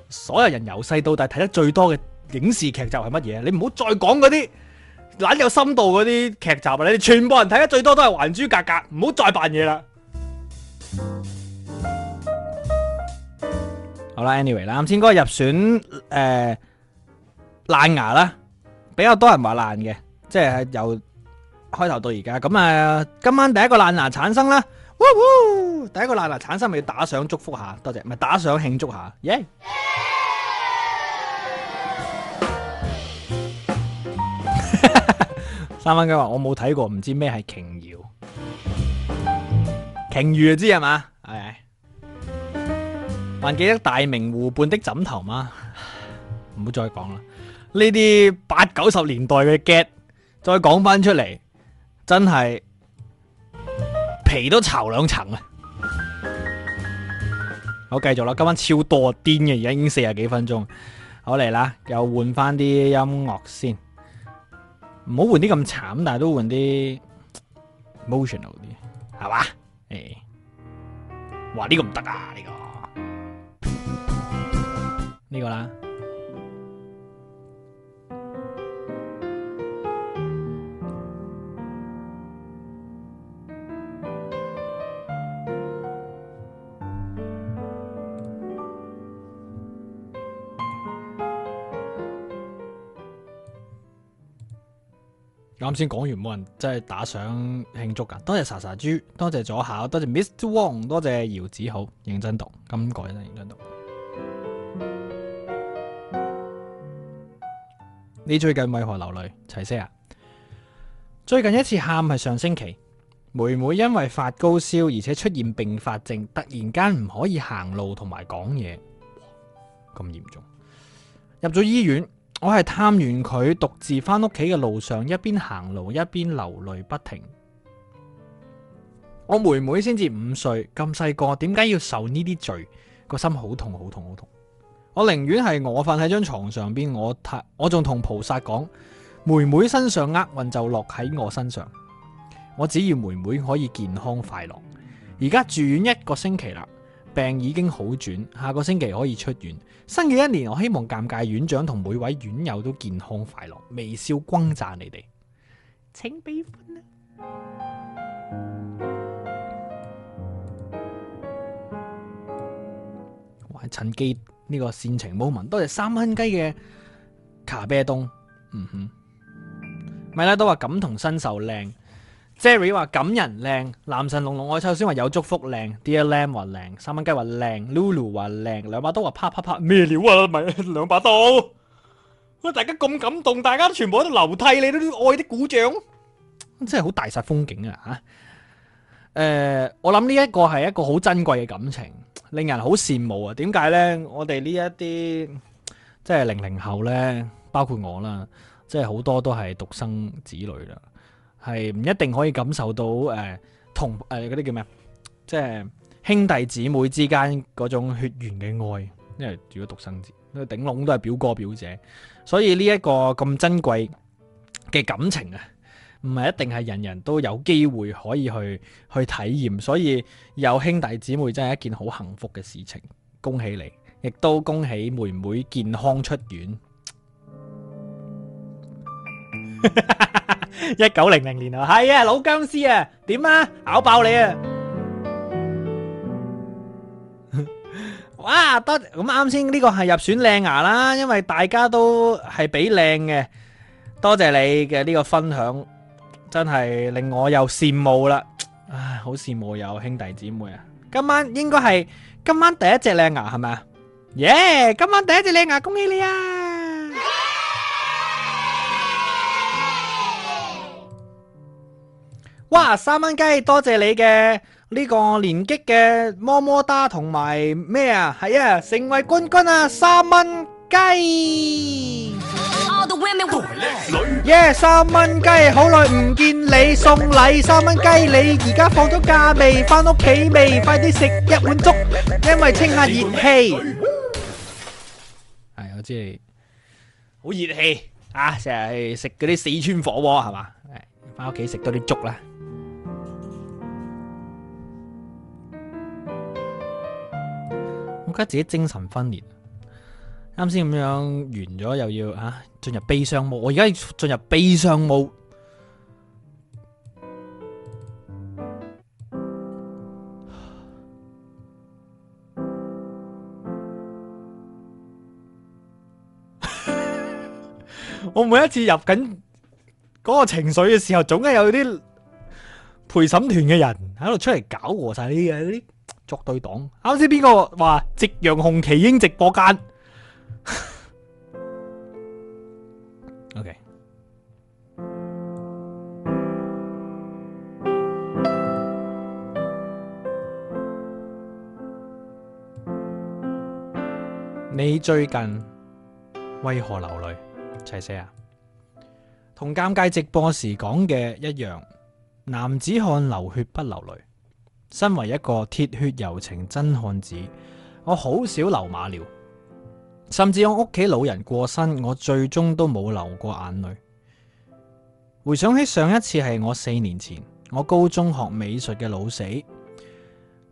所有人由細到大睇得最多嘅影視劇集係乜嘢？你唔好再講嗰啲懶有深度嗰啲劇集啊。你哋全部人睇得最多都係《還珠格格》，唔好再扮嘢啦。 好啦，anyway 啦、啊，啱先嗰個入選誒爛、呃、牙啦，比較多人話爛嘅，即係由開頭到而家，咁啊、呃、今晚第一個爛牙產生啦，哇嗚，第一個爛牙產生咪要打賞祝福下，多謝，咪打賞慶祝下，耶、yeah! 三蚊雞話我冇睇過，唔知咩係瓊瑤，瓊瑤知係嘛？還記得大明湖畔的枕頭嗎？唔好再講啦，呢啲八九十年代嘅 get，再講翻出嚟，真係皮都巢兩層啊！我繼續啦，今晚超多癲嘅，而家已經四十幾分鐘，好嚟啦，又換翻啲音樂先，唔好換啲咁慘，但係都換啲 emotional 啲，係嘛？誒、哎，哇呢個唔得啊呢個！呢個啦，啱先講完冇人真係打賞慶祝噶，多謝傻傻豬，多謝左考，多謝 Mr. Wong，多謝姚子好認真讀，今個認真認真讀。你最近為何流淚？齊 s i 最近一次喊係上星期，妹妹因為發高燒，而且出現並發症，突然間唔可以行路同埋講嘢，咁嚴重，入咗醫院。我係探完佢，獨自翻屋企嘅路上，一邊行路一邊流淚不停。我妹妹先至五歲，咁細個，點解要受呢啲罪？個心好痛，好痛，好痛。我寧願係我瞓喺張床上邊，我太我仲同菩薩講，妹妹身上厄運就落喺我身上。我只要妹妹可以健康快樂。而家住院一個星期啦，病已經好轉，下個星期可以出院。新嘅一年，我希望尷尬院長同每位院友都健康快樂，微笑轟炸你哋。請悲歡！我係趁機。呢個煽情 moment，多謝三蚊雞嘅卡貝東，嗯哼，咪啦都話感同身受靚，Jerry 話感人靚，男神龍龍愛秋先話有祝福靚，Dear Lam 話靚，三蚊雞話靚，Lulu 話靚，兩把刀話啪啪啪咩料啊？咪兩把刀，哇！大家咁感動，大家都全部喺度流涕，你都愛啲鼓掌，真係好大殺風景啊嚇！誒，我諗呢一個係一個好珍貴嘅感情。令人好羨慕啊！點解呢？我哋呢一啲即係零零後呢，包括我啦，即係好多都係獨生子女啦，係唔一定可以感受到誒同誒嗰啲叫咩啊？即係兄弟姊妹之間嗰種血緣嘅愛，因為如果獨生子，頂籠都係表哥表姐，所以呢一個咁珍貴嘅感情啊！唔係一定係人人都有機會可以去去體驗，所以有兄弟姊妹真係一件好幸福嘅事情，恭喜你，亦都恭喜妹妹健康出院。一九零零年啊，係啊，老僵屍啊，點啊，咬爆你啊！哇，多咁啱先呢個係入選靚牙啦，因為大家都係俾靚嘅，多謝你嘅呢個分享。真係令我又羨慕啦！唉，好羨慕有兄弟姊妹啊！今晚應該係今晚第一隻靚牙係咪啊？耶！今晚第一隻靚牙，恭喜你啊！哇！三蚊雞，多謝你嘅呢個連擊嘅摸摸嗒同埋咩啊？係啊，成為冠軍啊！三蚊。雞，耶！三蚊雞，好耐唔見你送禮，三蚊雞，你而家放咗假未？翻屋企未？快啲食一碗粥，因為清下熱氣。係我知係好熱氣啊！成日食嗰啲四川火鍋係嘛？誒，翻屋企食多啲粥啦。我而家自己精神分裂。啱先咁樣完咗，又要啊進入悲傷舞。我而家進入悲傷舞。我每一次入緊嗰個情緒嘅時候，總係有啲陪審團嘅人喺度出嚟搞和晒呢啲嘢啲作對黨。啱先邊個話《夕陽紅旗英》直播間？ o、okay. k 你最近為何流淚？齊些牙，同尷尬直播時講嘅一樣。男子漢流血不流淚，身為一個鐵血柔情真漢子，我好少流馬尿。甚至我屋企老人過身，我最終都冇流過眼淚。回想起上一次係我四年前，我高中學美術嘅老死，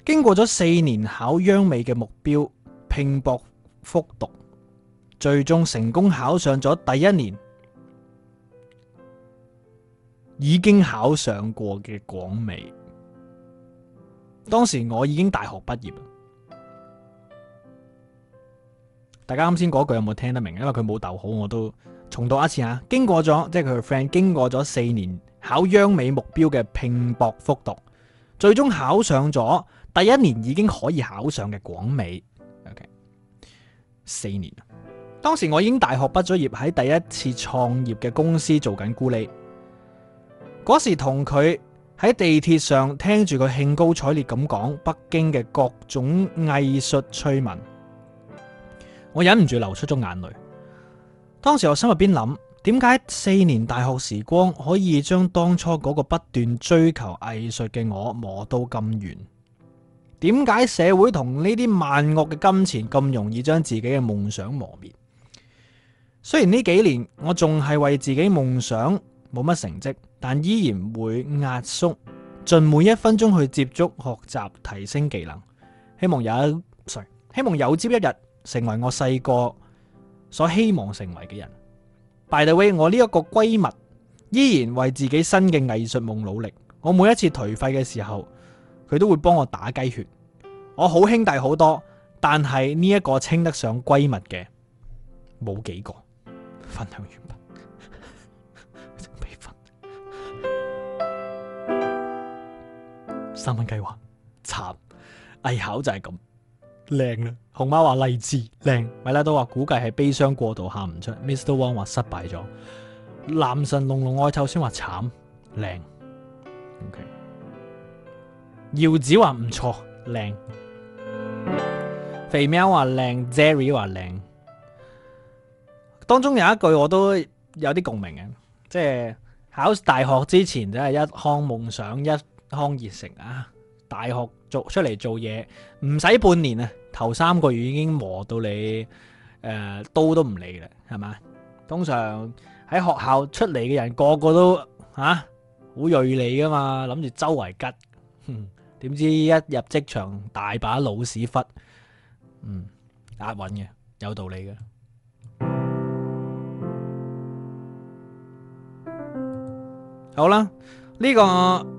經過咗四年考央美嘅目標，拼搏復讀，最終成功考上咗第一年已經考上過嘅廣美。當時我已經大學畢業。大家啱先嗰句有冇聽得明？因為佢冇逗號，我都重讀一次啊！經過咗，即係佢個 friend，經過咗四年考央美目標嘅拼搏復讀，最終考上咗。第一年已經可以考上嘅廣美。OK，四年，當時我已經大學畢咗業，喺第一次創業嘅公司做緊咕喱。嗰時同佢喺地鐵上聽住佢興高采烈咁講北京嘅各種藝術趣聞。我忍唔住流出咗眼淚。當時我心入邊諗，點解四年大學時光可以將當初嗰個不斷追求藝術嘅我磨到咁遠？點解社會同呢啲萬惡嘅金錢咁容易將自己嘅夢想磨滅？雖然呢幾年我仲係為自己夢想冇乜成績，但依然會壓縮，盡每一分鐘去接觸、學習、提升技能。希望有一，希望有朝一日。成為我細個所希望成為嘅人。By the way，我呢一個閨蜜依然為自己新嘅藝術夢努力。我每一次頹廢嘅時候，佢都會幫我打雞血。我好兄弟好多，但係呢一個稱得上閨蜜嘅冇幾個。分享完畢。真悲憤。三蚊計劃慘，藝考就係咁。靚啦、啊，熊貓話勵志靚，米拉都話估計係悲傷過度喊唔出，Mr. Wong 話失敗咗，男神隆隆愛臭先話慘靚，OK，姚子話唔錯靚，肥喵話靚，Jerry 話靚，當中有一句我都有啲共鳴嘅，即係考大學之前真係一腔夢想一腔熱誠啊！大學做出嚟做嘢唔使半年啊，頭三個月已經磨到你誒、呃、刀都唔利啦，係嘛？通常喺學校出嚟嘅人個個都吓，好、啊、鋭利噶嘛，諗住周圍吉，點知一入職場大把老屎忽，嗯，押韻嘅有道理嘅。好啦，呢、呢個。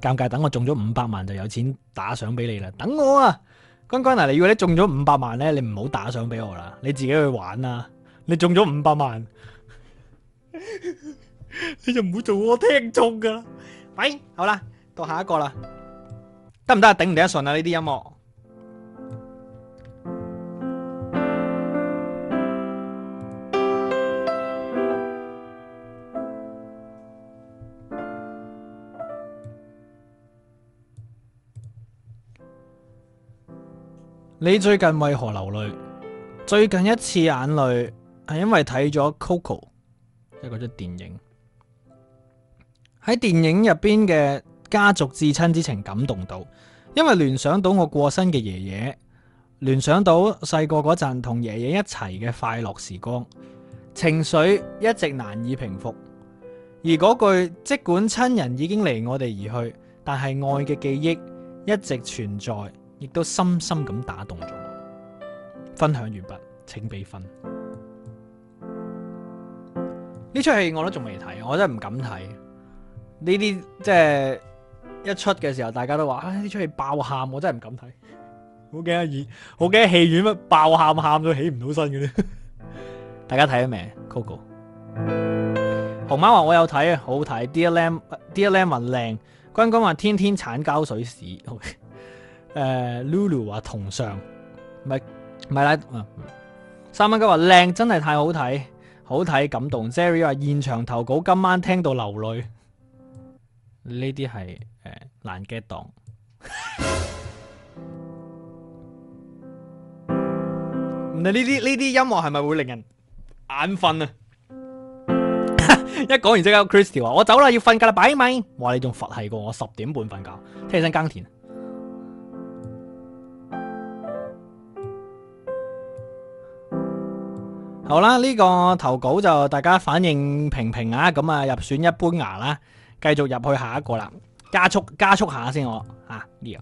尷尬，等我中咗五百萬就有錢打賞俾你啦！等我啊，君君啊，你如果你中咗五百萬咧，你唔好打賞俾我啦，你自己去玩啊，你中咗五百萬， 你就唔會做我聽眾噶。喂，好啦，到下一個啦，得唔得啊？頂唔頂得順啊？呢啲、啊、音樂。你最近為何流淚？最近一次眼淚係因為睇咗《Coco》，即嗰隻電影。喺電影入邊嘅家族至親之情感動到，因為聯想到我過身嘅爺爺，聯想到細個嗰陣同爺爺一齊嘅快樂時光，情緒一直難以平復。而嗰句，即管親人已經離我哋而去，但係愛嘅記憶一直存在。亦都深深咁打動咗我。分享完畢，請俾分。呢出戲我都仲未睇，我真係唔敢睇。呢啲即係一出嘅時候，大家都話：啊，呢出戲爆喊，我真係唔敢睇。好驚，二好驚，戲院爆喊喊到起唔到身嘅咧。 大家睇咗未？Google。熊貓話：貓我有睇啊，好好睇。Dear Lam，Dear Lam 話靚。軍軍話：天天產膠水屎。呃、Lulu 話同上，唔係唔係啦，三蚊雞話靚真係太好睇，好睇感動。Jerry，話現場投稿今晚聽到流淚，呢啲係誒難 get 到。 唔係呢啲呢啲音樂係咪會令人眼瞓啊？ 一講完即刻 Christy 話：我走啦，要瞓㗎啦，擺咪。話你仲佛係過我十點半瞓覺，聽起身耕田。好啦，呢、這個投稿就大家反應平平啊，咁啊入選一般牙啦，繼續入去下一個啦，加速加速下先我啊，你樣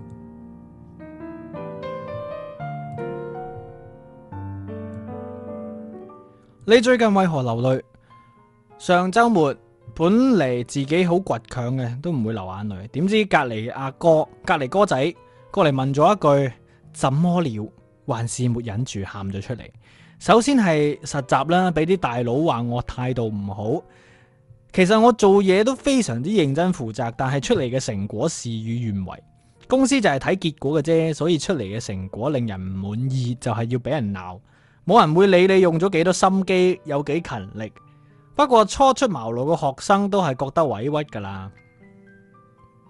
你最近為何流淚？上周末。本嚟自己好倔強嘅，都唔會流眼淚。點知隔離阿哥、隔離哥仔過嚟問咗一句，怎麼了？還是沒忍住喊咗出嚟。首先係實習啦，俾啲大佬話我態度唔好。其實我做嘢都非常之認真負責，但係出嚟嘅成果事與願違。公司就係睇結果嘅啫，所以出嚟嘅成果令人唔滿意，就係要俾人鬧。冇人會理你用咗幾多心機，有幾勤力。不過初出茅廬嘅學生都係覺得委屈噶啦。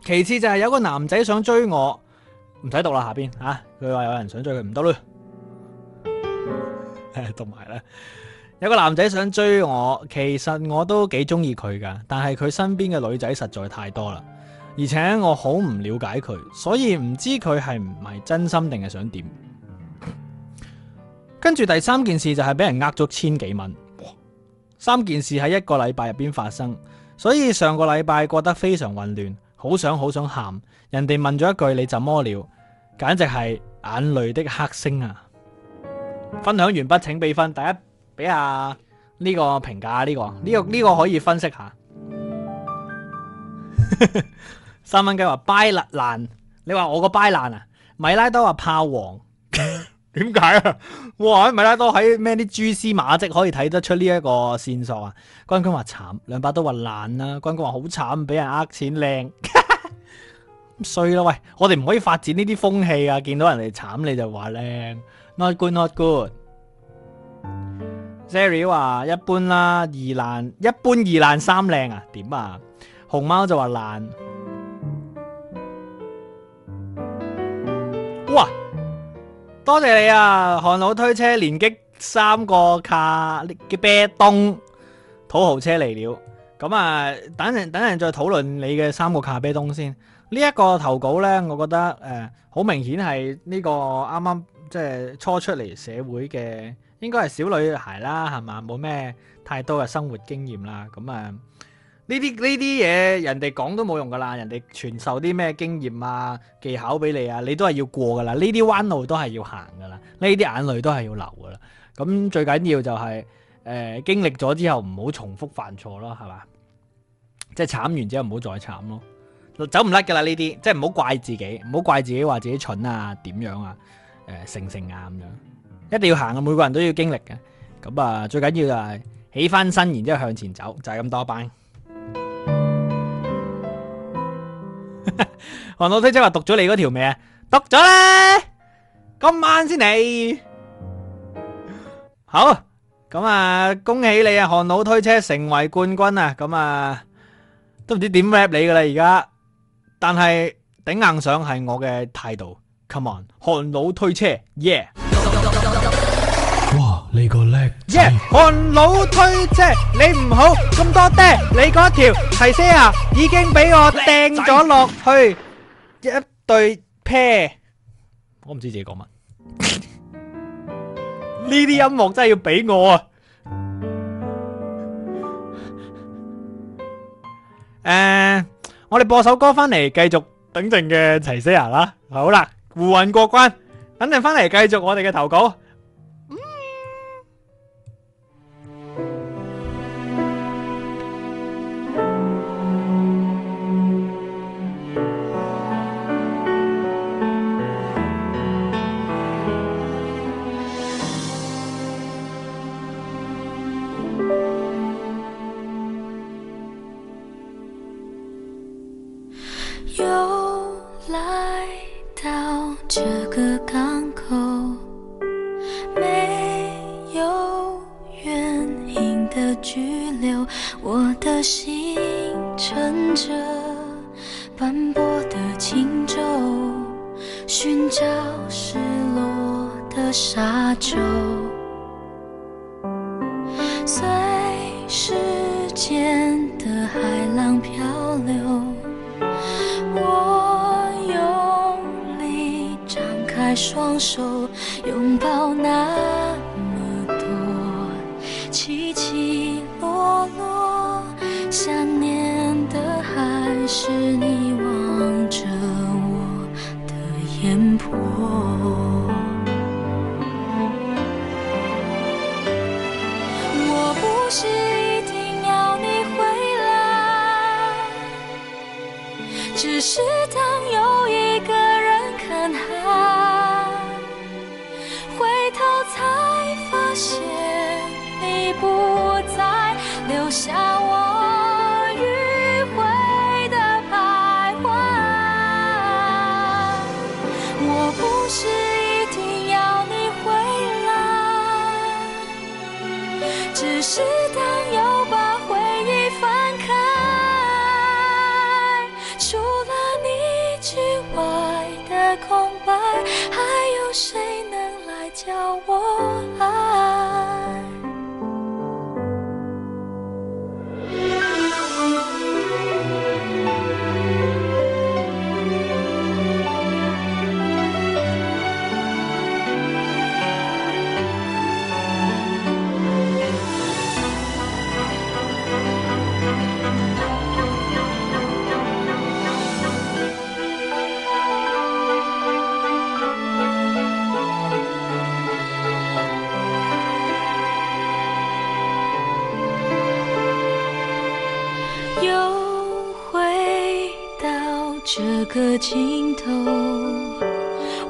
其次就係有個男仔想追我，唔使讀啦下邊吓，佢話有人想追佢唔得咯。讀埋啦，有個男仔想追我，其實我都幾中意佢噶，但係佢身邊嘅女仔實在太多啦，而且我好唔了解佢，所以唔知佢係唔係真心定係想點？跟住第三件事就係俾人呃咗千幾蚊。三件事喺一個禮拜入邊發生，所以上個禮拜覺得非常混亂，好想好想喊。人哋問咗一句你怎麼了？簡直係眼淚的黑星啊！分享完畢，請俾分，大家俾下呢個評價，呢、呢個呢個呢個可以分析下。 三蚊雞話 拜勒難，你話我個拜爛啊？米拉多話炮王。 點解啊？哇！米拉多喺咩啲蛛絲馬跡可以睇得出呢一個線索冠冠說說啊？關關話慘，兩把刀話爛啦。關關話好慘，俾人呃錢靚，衰啦！喂，我哋唔可以發展呢啲風氣啊！見到人哋慘你就話靚，not good not good。Siri 話一般啦，二爛，一般二爛三靚啊？點啊？熊貓就話爛，哇！多謝你啊！韓佬推車連擊三個卡嘅啤東，土豪車嚟了。咁啊，等陣，等陣再討論你嘅三個卡啤東先。呢、這、一個投稿呢，我覺得誒、好、呃、明顯係呢個啱啱即係初出嚟社會嘅，應該係小女孩啦，係嘛，冇咩太多嘅生活經驗啦，咁啊。呢啲呢啲嘢，人哋講都冇用噶啦。人哋傳授啲咩經驗啊技巧俾你啊，你都係要過噶啦。呢啲彎路都係要行噶啦，呢啲眼淚都係要流噶啦。咁最緊要就係、是、誒、呃、經歷咗之後唔好重複犯錯咯，係嘛？即係慘完之後唔好再慘咯，走唔甩噶啦呢啲，即係唔好怪自己，唔好怪自己話自己蠢啊，點樣啊？誒、呃，成成啊咁樣，一定要行啊。每個人都要經歷嘅。咁啊、呃，最緊要就係起翻身，然之後向前走，就係、是、咁多班。韓老推車話讀咗你嗰條未啊？讀咗啦，今晚先嚟。好，咁啊恭喜你啊，韓老推車成為冠軍啊！咁啊都唔知點 rap 你噶啦而家，但係頂硬上係我嘅態度。Come on，韓老推車，yeah！你個叻耶！韓老推啫，你唔好咁多爹。你嗰條齊些牙啊，已經俾我掟咗落去一對 pair。我唔知自己講乜。呢啲音樂真係要俾我啊！誒，我哋播首歌翻嚟，繼續等陣嘅齊些牙啦。好啦，互運過關，等陣翻嚟繼續我哋嘅投稿。這個盡頭，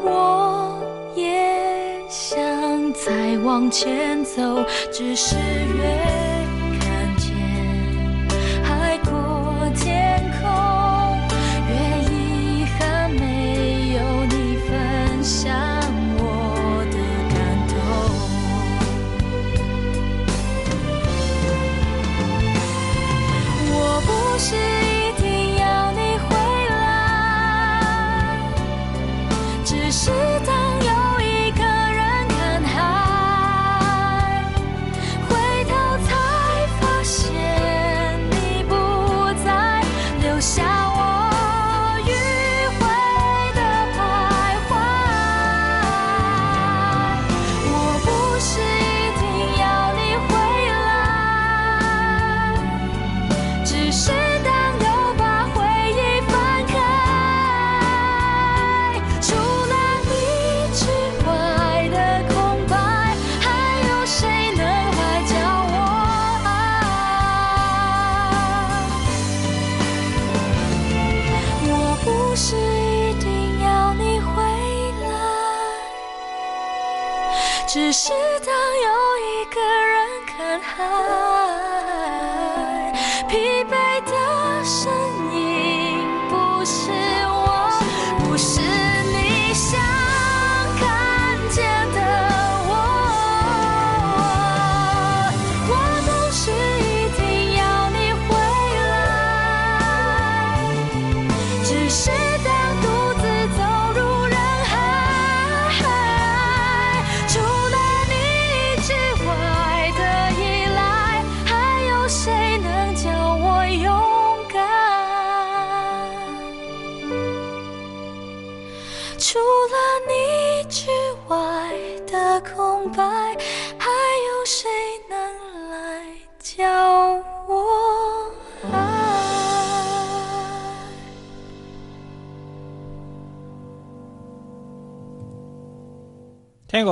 我也想再往前走，只是遠。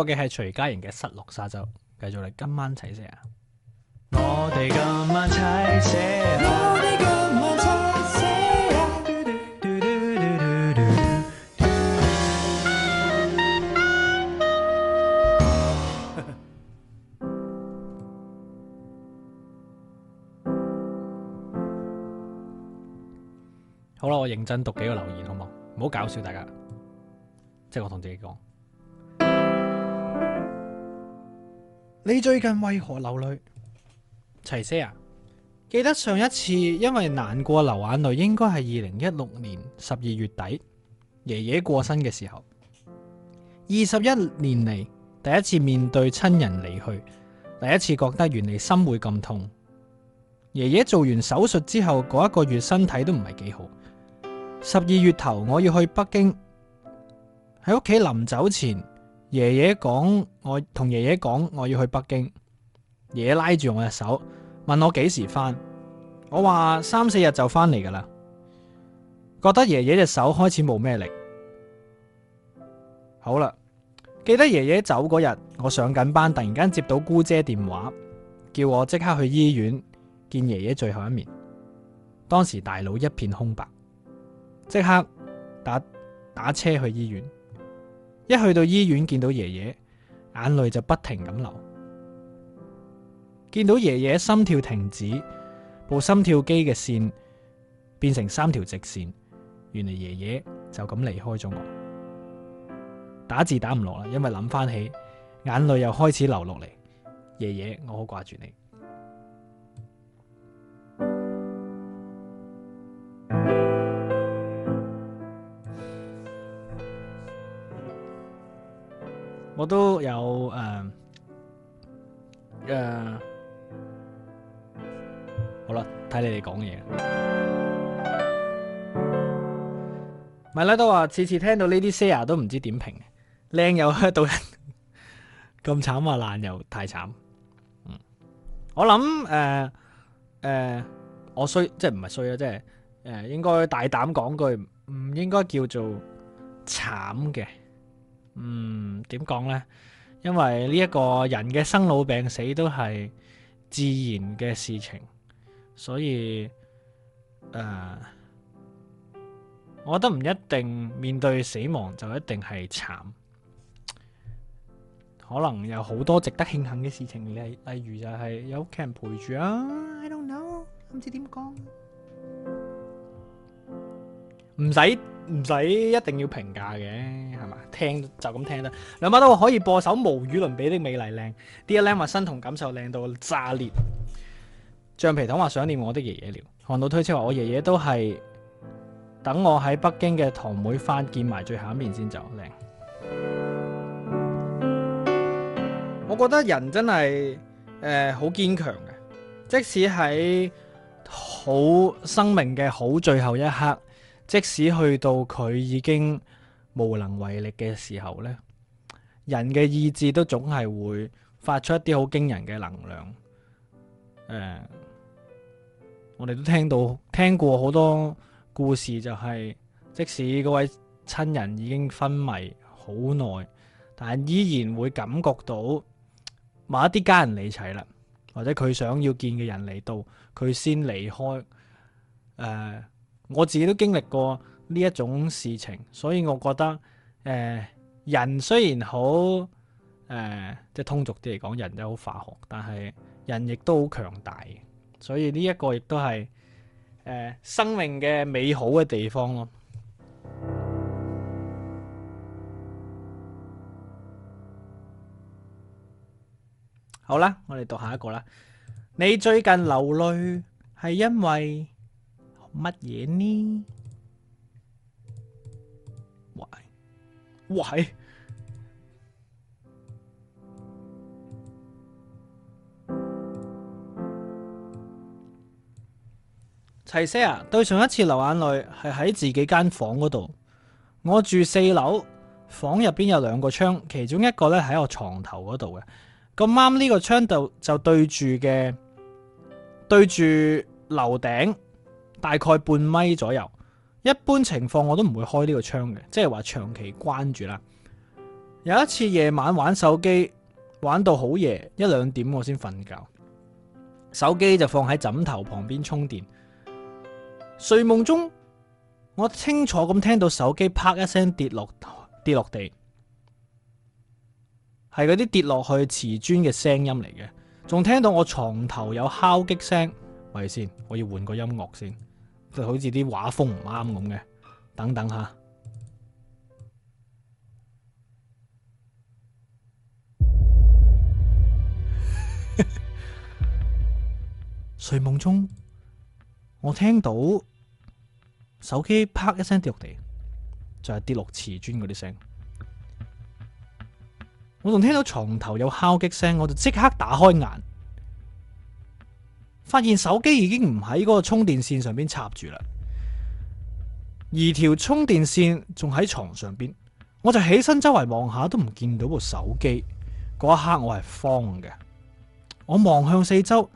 我嘅係徐佳瑩嘅《失落沙洲》，繼續嚟今晚齊寫啊！我哋今晚齊寫，我哋今晚齊寫好啦，我認真讀幾個留言，好唔好？唔好搞笑，大家，即係我同自己講。你最近為何流淚？齊些牙，記得上一次因為難過流眼淚，應該係二零一六年十二月底，爺爺過身嘅時候。二十一年嚟第一次面對親人離去，第一次覺得原來心會咁痛。爺爺做完手術之後嗰一個月身體都唔係幾好。十二月頭我要去北京，喺屋企臨走前。爺爺講，我同爺爺講我要去北京。爺爺拉住我隻手，問我幾時翻？我話三四日就翻嚟噶啦。覺得爺爺隻手開始冇咩力。好啦，記得爺爺走嗰日，我上緊班，突然間接到姑姐電話，叫我即刻去醫院見爺爺最後一面。當時大腦一片空白，即刻打打車去醫院。一去到醫院見到爺爺，眼淚就不停咁流。見到爺爺心跳停止，部心跳機嘅線變成三條直線，原來爺爺就咁離開咗我。打字打唔落啦，因為諗翻起，眼淚又開始流落嚟。爺爺，我好掛住你。我都有誒誒、呃呃，好啦，睇你哋講嘢。米拉都話：次次聽到呢啲 say 都唔知點評，靚又吓到人，咁慘呀，爛、啊、又太慘。嗯，我諗誒誒，我衰即係唔係衰啊，即係誒、呃，應該大膽講句，唔應該叫做慘嘅。嗯，點講呢？因為呢一個人嘅生老病死都係自然嘅事情，所以誒、呃，我覺得唔一定面對死亡就一定係慘，可能有好多值得慶幸嘅事情，例例如就係有屋企人陪住啊，I don't know，唔知點講，唔使。唔使一定要評價嘅，係嘛？聽就咁聽啦。兩媽都話可以播首無與倫比的美麗靚，啲阿靚話身同感受靚到炸裂。橡皮糖話想念我的爺爺了，看到推車話我爺爺都係等我喺北京嘅堂妹翻見埋最後一面先走。靚，我覺得人真係誒好堅強嘅，即使喺好生命嘅好最後一刻。即使去到佢已經無能為力嘅時候呢，人嘅意志都總係會發出一啲好驚人嘅能量。呃、我哋都聽到，聽過好多故事，就係，就係即使嗰位親人已經昏迷好耐，但係依然會感覺到某一啲家人嚟齊啦，或者佢想要見嘅人嚟到，佢先離開。誒、呃。我自己都經歷過呢一種事情，所以我覺得，誒、呃、人雖然好，誒、呃、即係通俗啲嚟講，人都好化學，但係人亦都好強大，所以呢一個亦都係誒生命嘅美好嘅地方咯、嗯。好啦，我哋讀下一個啦。你最近流淚係因為？乜嘢呢？喂，喂，齊 Sir 啊，對上一次流眼淚係喺自己間房嗰度。我住四樓，房入邊有兩個窗，其中一個咧喺我床頭嗰度嘅。咁啱呢個窗度就，就對住嘅，對住樓頂。大概半米左右，一般情況我都唔會開呢個窗嘅，即係話長期關住啦。有一次夜晚玩手機，玩到好夜一兩點，我先瞓覺，手機就放喺枕頭旁邊充電。睡夢中，我清楚咁聽到手機啪一聲跌落跌落地，係嗰啲跌落去瓷磚嘅聲音嚟嘅，仲聽到我床頭有敲擊聲。喂，我先，我要換個音樂先。就好似啲畫風唔啱咁嘅，等等吓。 睡夢中，我聽到手機啪一聲跌落地，就係跌落瓷磚嗰啲聲。我仲聽到床頭有敲擊聲，我就即刻打開眼。發現手機已經唔喺嗰個充電線上邊插住啦，而條充電線仲喺床上邊，我就起身周圍望下，都唔見到部手機。嗰一刻我係慌嘅，我望向四周，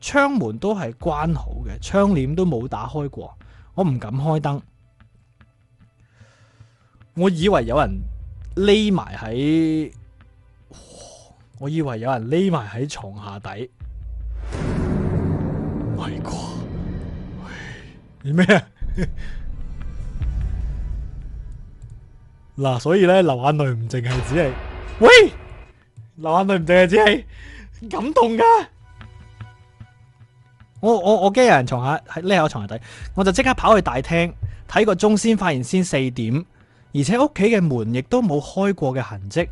窗門都係關好嘅，窗簾都冇打開過，我唔敢開燈。我以為有人匿埋喺，我以為有人匿埋喺床下底。係、哎、啩？咦、哎、咩？嗱、 啊，所以咧流眼淚唔淨係只係喂流眼淚唔淨係只係感動噶。我我我驚有人床下喺匿喺我床下底，我就即刻跑去大廳睇個鐘，先發現先四點，而且屋企嘅門亦都冇開過嘅痕迹，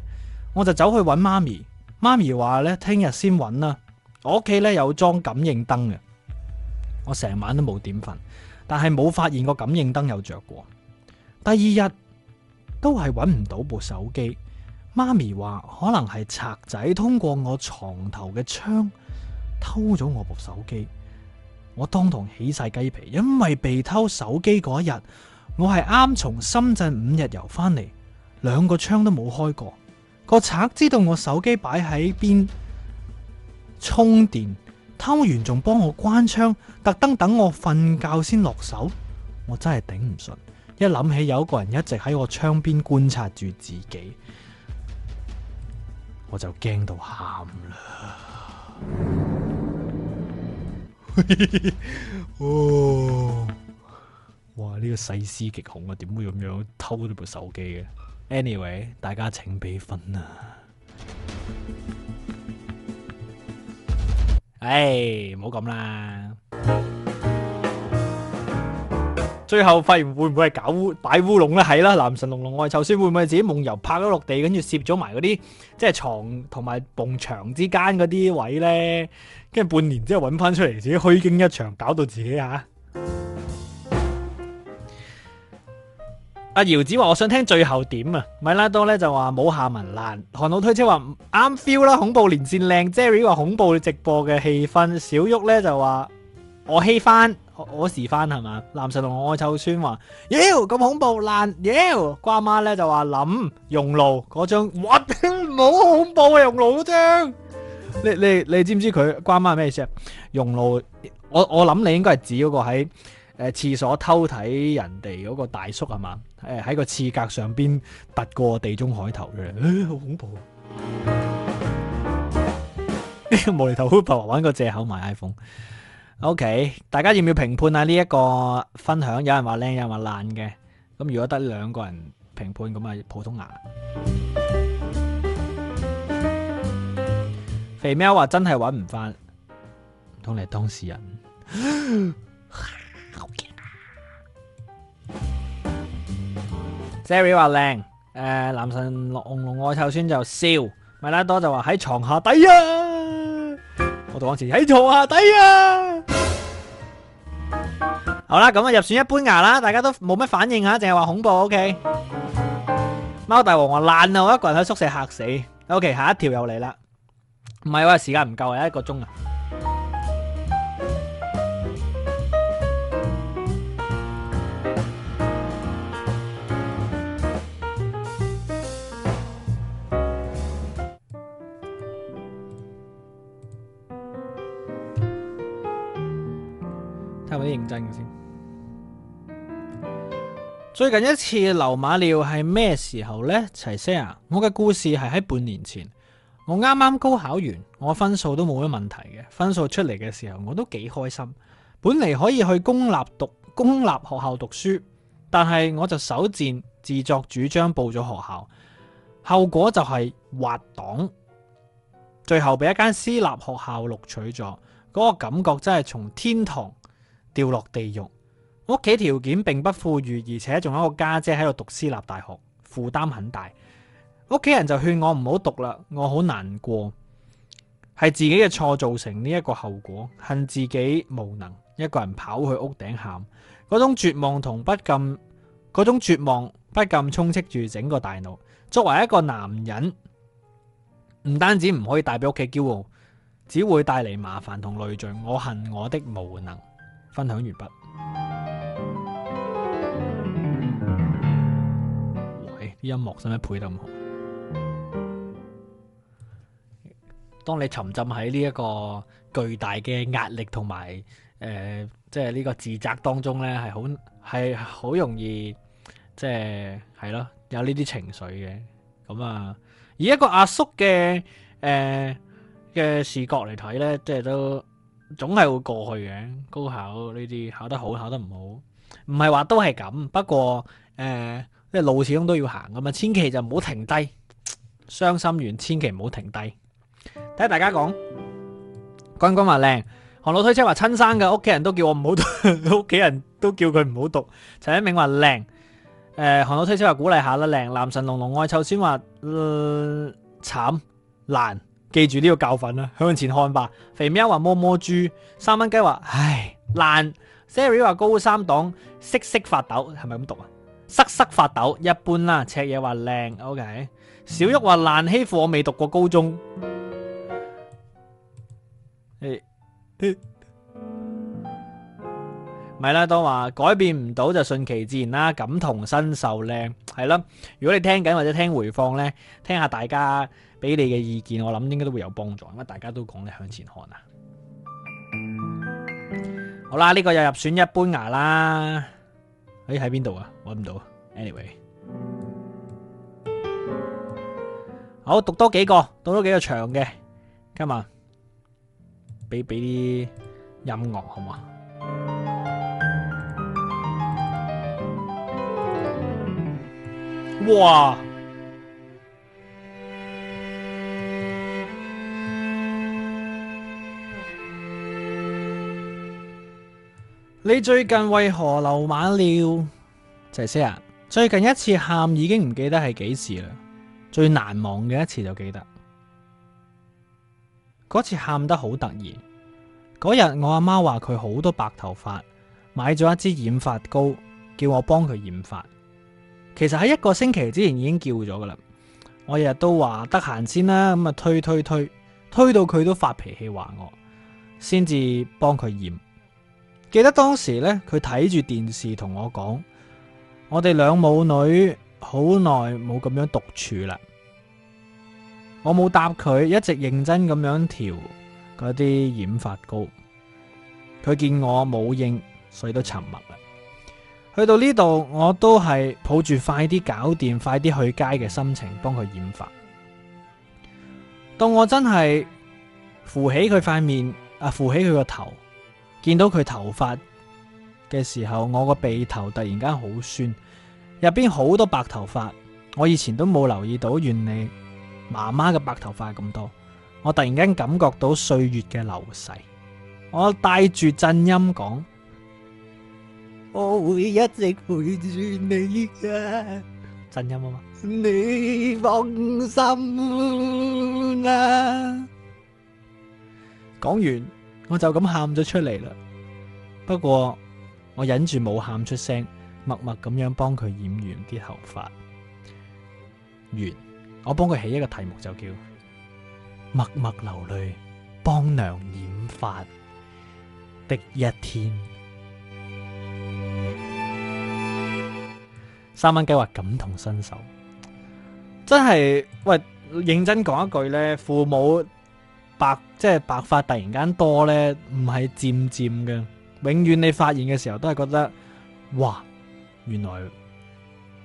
我就走去搵媽咪。媽咪話咧聽日先搵啦。我屋企咧有裝感應燈嘅。我成晚都冇點瞓，但係冇發現個感應燈有着過。第二日都係揾唔到部手機。媽咪話可能係賊仔通過我床頭嘅窗偷咗我部手機。我當堂起晒雞皮，因為被偷手機嗰日我係啱從深圳五日遊翻嚟，兩個窗都冇開過。個賊知道我手機擺喺邊充電。偷完仲幫我關窗，特登等我瞓覺先落手，我真係頂唔順。一諗起有一個人一直喺我窗邊觀察住自己，我就驚到喊啦！ 哇！呢、這個細思極恐啊，點會咁樣偷呢部手機嘅？Anyway，大家請俾瞓啊！唉、哎，唔好咁啦。最後發現會唔會係搞擺烏龍咧？係啦，男神龍龍外臭先會唔會自己夢遊拍咗落地，跟住攝咗埋嗰啲即係床同埋埲牆之間嗰啲位咧？跟住半年之後搵翻出嚟，自己虛驚一場，搞到自己吓。啊阿、啊、姚子話：我想聽最後點啊！米拉多咧就話冇下文爛。韓老推車話啱 feel 啦，恐怖連線靚。Jerry 話恐怖直播嘅氣氛。小旭咧就話我稀翻，我時翻係嘛？男神同我愛臭酸話妖咁恐怖爛妖。關媽咧就話諗熔爐嗰張，我頂，好 恐怖啊熔爐嗰張。你你你知唔知佢關媽係咩意思啊？熔爐，我我諗你應該係指嗰個喺。誒、呃、廁所偷睇人哋嗰個大叔係嘛？誒喺、呃、個廁格上邊突個地中海頭嘅、欸，好恐怖啊！無厘頭 uber 揾個藉口買 iPhone。OK，大家要唔要評判下呢一個分享，有人話靚，有人話爛嘅。咁如果得兩個人評判，咁係普通牙。 嗯、肥喵話真係揾唔翻，唔通你係當事人。 Jerry 話靚，誒，男神落紅龍愛臭酸就笑，米拉多就話喺床下底啊，我哋光前喺床下底啊，好啦，咁啊入選一般牙啦，大家都冇乜反應啊，淨係話恐怖，O K，貓大王話爛啊，我一個人喺宿舍嚇死，O K，下一條又嚟啦，唔係話時間唔夠啊，一個鐘啊。最近一次流馬尿係咩時候呢？齊 s i 我嘅故事係喺半年前，我啱啱高考完，我分數都冇乜問題嘅，分數出嚟嘅時候我都幾開心。本嚟可以去公立讀公立學校讀書，但係我就首戰自作主張報咗學校，後果就係滑檔，最後俾一間私立學校錄取咗，嗰、那個感覺真係從天堂掉落地獄。屋企條件並不富裕，而且仲有一個家姐喺度讀私立大學，負擔很大。屋企人就勸我唔好讀啦，我好難過，係自己嘅錯造成呢一個後果，恨自己無能，一個人跑去屋頂喊，嗰種絕望同不禁，嗰種絕望不禁充斥住整個大腦。作為一個男人，唔單止唔可以帶俾屋企驕傲，只會帶嚟麻煩同累贅。我恨我的無能。分享完畢。音樂使乜配得唔好？當你沉浸喺呢一個巨大嘅壓力同埋誒，即係呢個自責當中咧，係好係好容易，即係係咯，有呢啲情緒嘅。咁啊，以一個阿叔嘅誒嘅視角嚟睇咧，即係都總係會過去嘅。高考呢啲考得好，考得唔好，唔係話都係咁。不過誒。呃即係路始終都要行噶嘛，千祈就唔好停低。傷心完，千祈唔好停低。睇下大家講，君君話靚，韓老推車話親生嘅屋企人都叫我唔好讀，屋 企人都叫佢唔好讀。陳一鳴話靚，誒、呃，韓老推車話鼓勵下啦靚。男神龍龍愛臭先話慘爛，記住呢個教訓啦，向前看吧。肥喵話摸摸豬，三蚊雞話唉爛。Siri 話高三檔，色色發抖，係咪咁讀啊？瑟瑟發抖，一般啦。赤嘢話靚，OK，嗯。小玉話爛欺負，我未讀過高中。誒、嗯，咪啦，都話改變唔到就順其自然啦。感同身受靚係啦。如果你聽緊或者聽回放呢，聽下大家俾你嘅意見，我諗應該都會有幫助，因為大家都講你向前看啊。好啦，呢，這個又入選一般牙啦。你喺邊度啊？搵唔到。Anyway，好，讀多幾個，讀多幾個長嘅，今日俾俾啲音樂好嘛？哇！你最近為何流眼淚？齊些牙最近一次喊已經唔記得係幾時啦。最難忘嘅一次就記得，嗰次喊得好突然。嗰日我阿媽話佢好多白頭髮，買咗一支染髮膏，叫我幫佢染髮。其實喺一個星期之前已經叫咗噶啦。我日日都話得閒先啦，咁啊推推推，推到佢都發脾氣話我，先至幫佢染。記得當時咧，佢睇住電視同我講：我哋兩母女好耐冇咁樣獨處啦。我冇答佢，一直認真咁樣調嗰啲染髮膏。佢見我冇應，所以都沉默啦。去到呢度，我都係抱住快啲搞掂、快啲去街嘅心情幫佢染髮。當我真係扶起佢塊面啊，扶起佢個頭。見到佢頭髮嘅時候，我個鼻頭突然間好酸，入邊好多白頭髮，我以前都冇留意到原，原來媽媽嘅白頭髮咁多。我突然間感覺到歲月嘅流逝。我帶住震音講：我會一直陪住你嘅，震音啊嘛，你放心啦。講完。我就咁喊咗出嚟啦，不過我忍住冇喊出聲，默默咁樣幫佢染完啲頭髮。完，我幫佢起一個題目就叫《默默流淚幫娘染髮的一天》。三蚊雞話感同身受，真係，喂，認真講一句呢，父母百。即係白發突然間多呢，唔係漸漸嘅，永遠你發現嘅時候都係覺得，哇，原來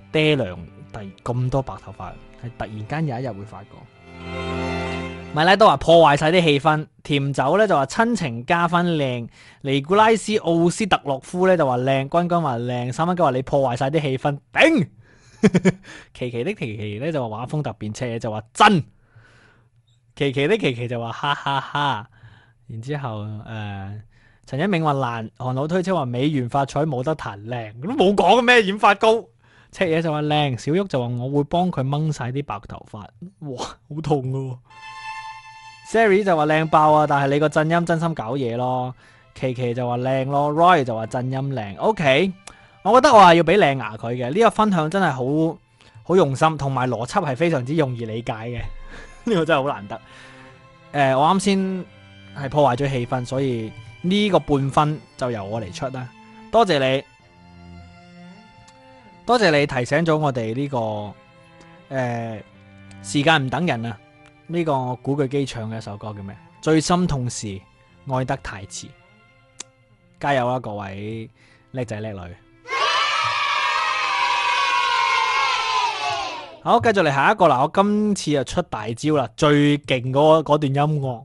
爹娘第咁多白頭髮係突然間有一日會發覺。米拉都話破壞晒啲氣氛，甜酒呢就話親情加分靚，尼古拉斯奧斯特洛夫呢就話靚，君君話靚，三蚊雞話你破壞晒啲氣氛，頂。琪 琪的琪琪呢就話畫風特別斜，就話真。琪琪呢？琪琪就話哈哈哈,哈然，然之後誒，陳一明話爛，韓老推車話美元發彩冇得彈靚，都冇講咩染發膏，赤嘢就話靚，小玉就話我會幫佢掹晒啲白頭髮，哇，好痛噶、啊、 ，Siri 就話靚爆啊，但係你個震音真心搞嘢咯，琪琪就話靚咯，Roy 就話震音靚，OK，我覺得我係要俾靚牙佢嘅，呢、這個分享真係好好用心，同埋邏輯係非常之容易理解嘅。呢 個真係好難得，誒、呃，我啱先係破壞咗氣氛，所以呢個半分就由我嚟出啦。多謝你，多謝你提醒咗我哋呢、這個誒、呃，時間唔等人啊！呢、這個古巨基唱嘅一首歌叫咩？最心痛時愛得太遲，加油啊，各位叻仔叻女！好，繼續嚟，下一個啦！我今次就出大招啦，最勁嗰段音樂。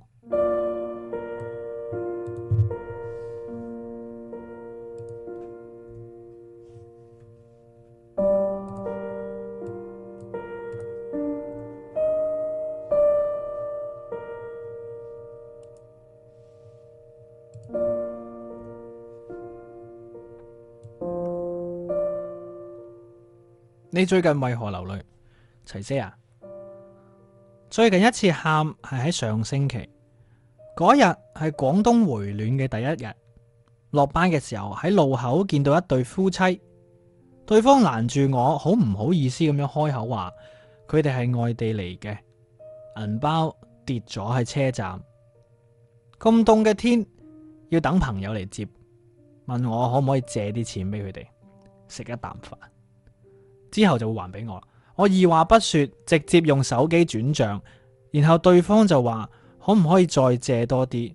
你最近為何流淚？齊姐啊！最近一次喊係喺上星期嗰日，係廣東回暖嘅第一日。落班嘅時候喺路口見到一對夫妻，對方攔住我，好唔好意思咁樣開口話，佢哋係外地嚟嘅，銀包跌咗喺車站，咁凍嘅天要等朋友嚟接，問我可唔可以借啲錢俾佢哋食一啖飯，之後就會還俾我。我二話不說，直接用手機轉賬，然後對方就話可唔可以再借多啲，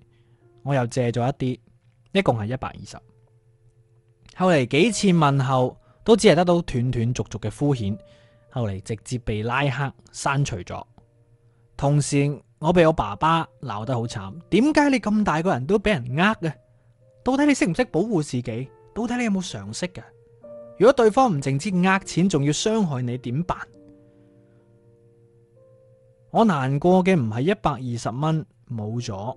我又借咗一啲，一共係一百二十。後嚟幾次問候都只係得到斷斷續續嘅敷衍，後嚟直接被拉黑刪除咗。同時我被我爸爸鬧得好慘，點解你咁大個人都俾人呃嘅？到底你識唔識保護自己？到底你有冇常識嘅？如果對方唔淨止呃錢，仲要傷害你，點辦？我難過嘅唔係一百二十蚊冇咗，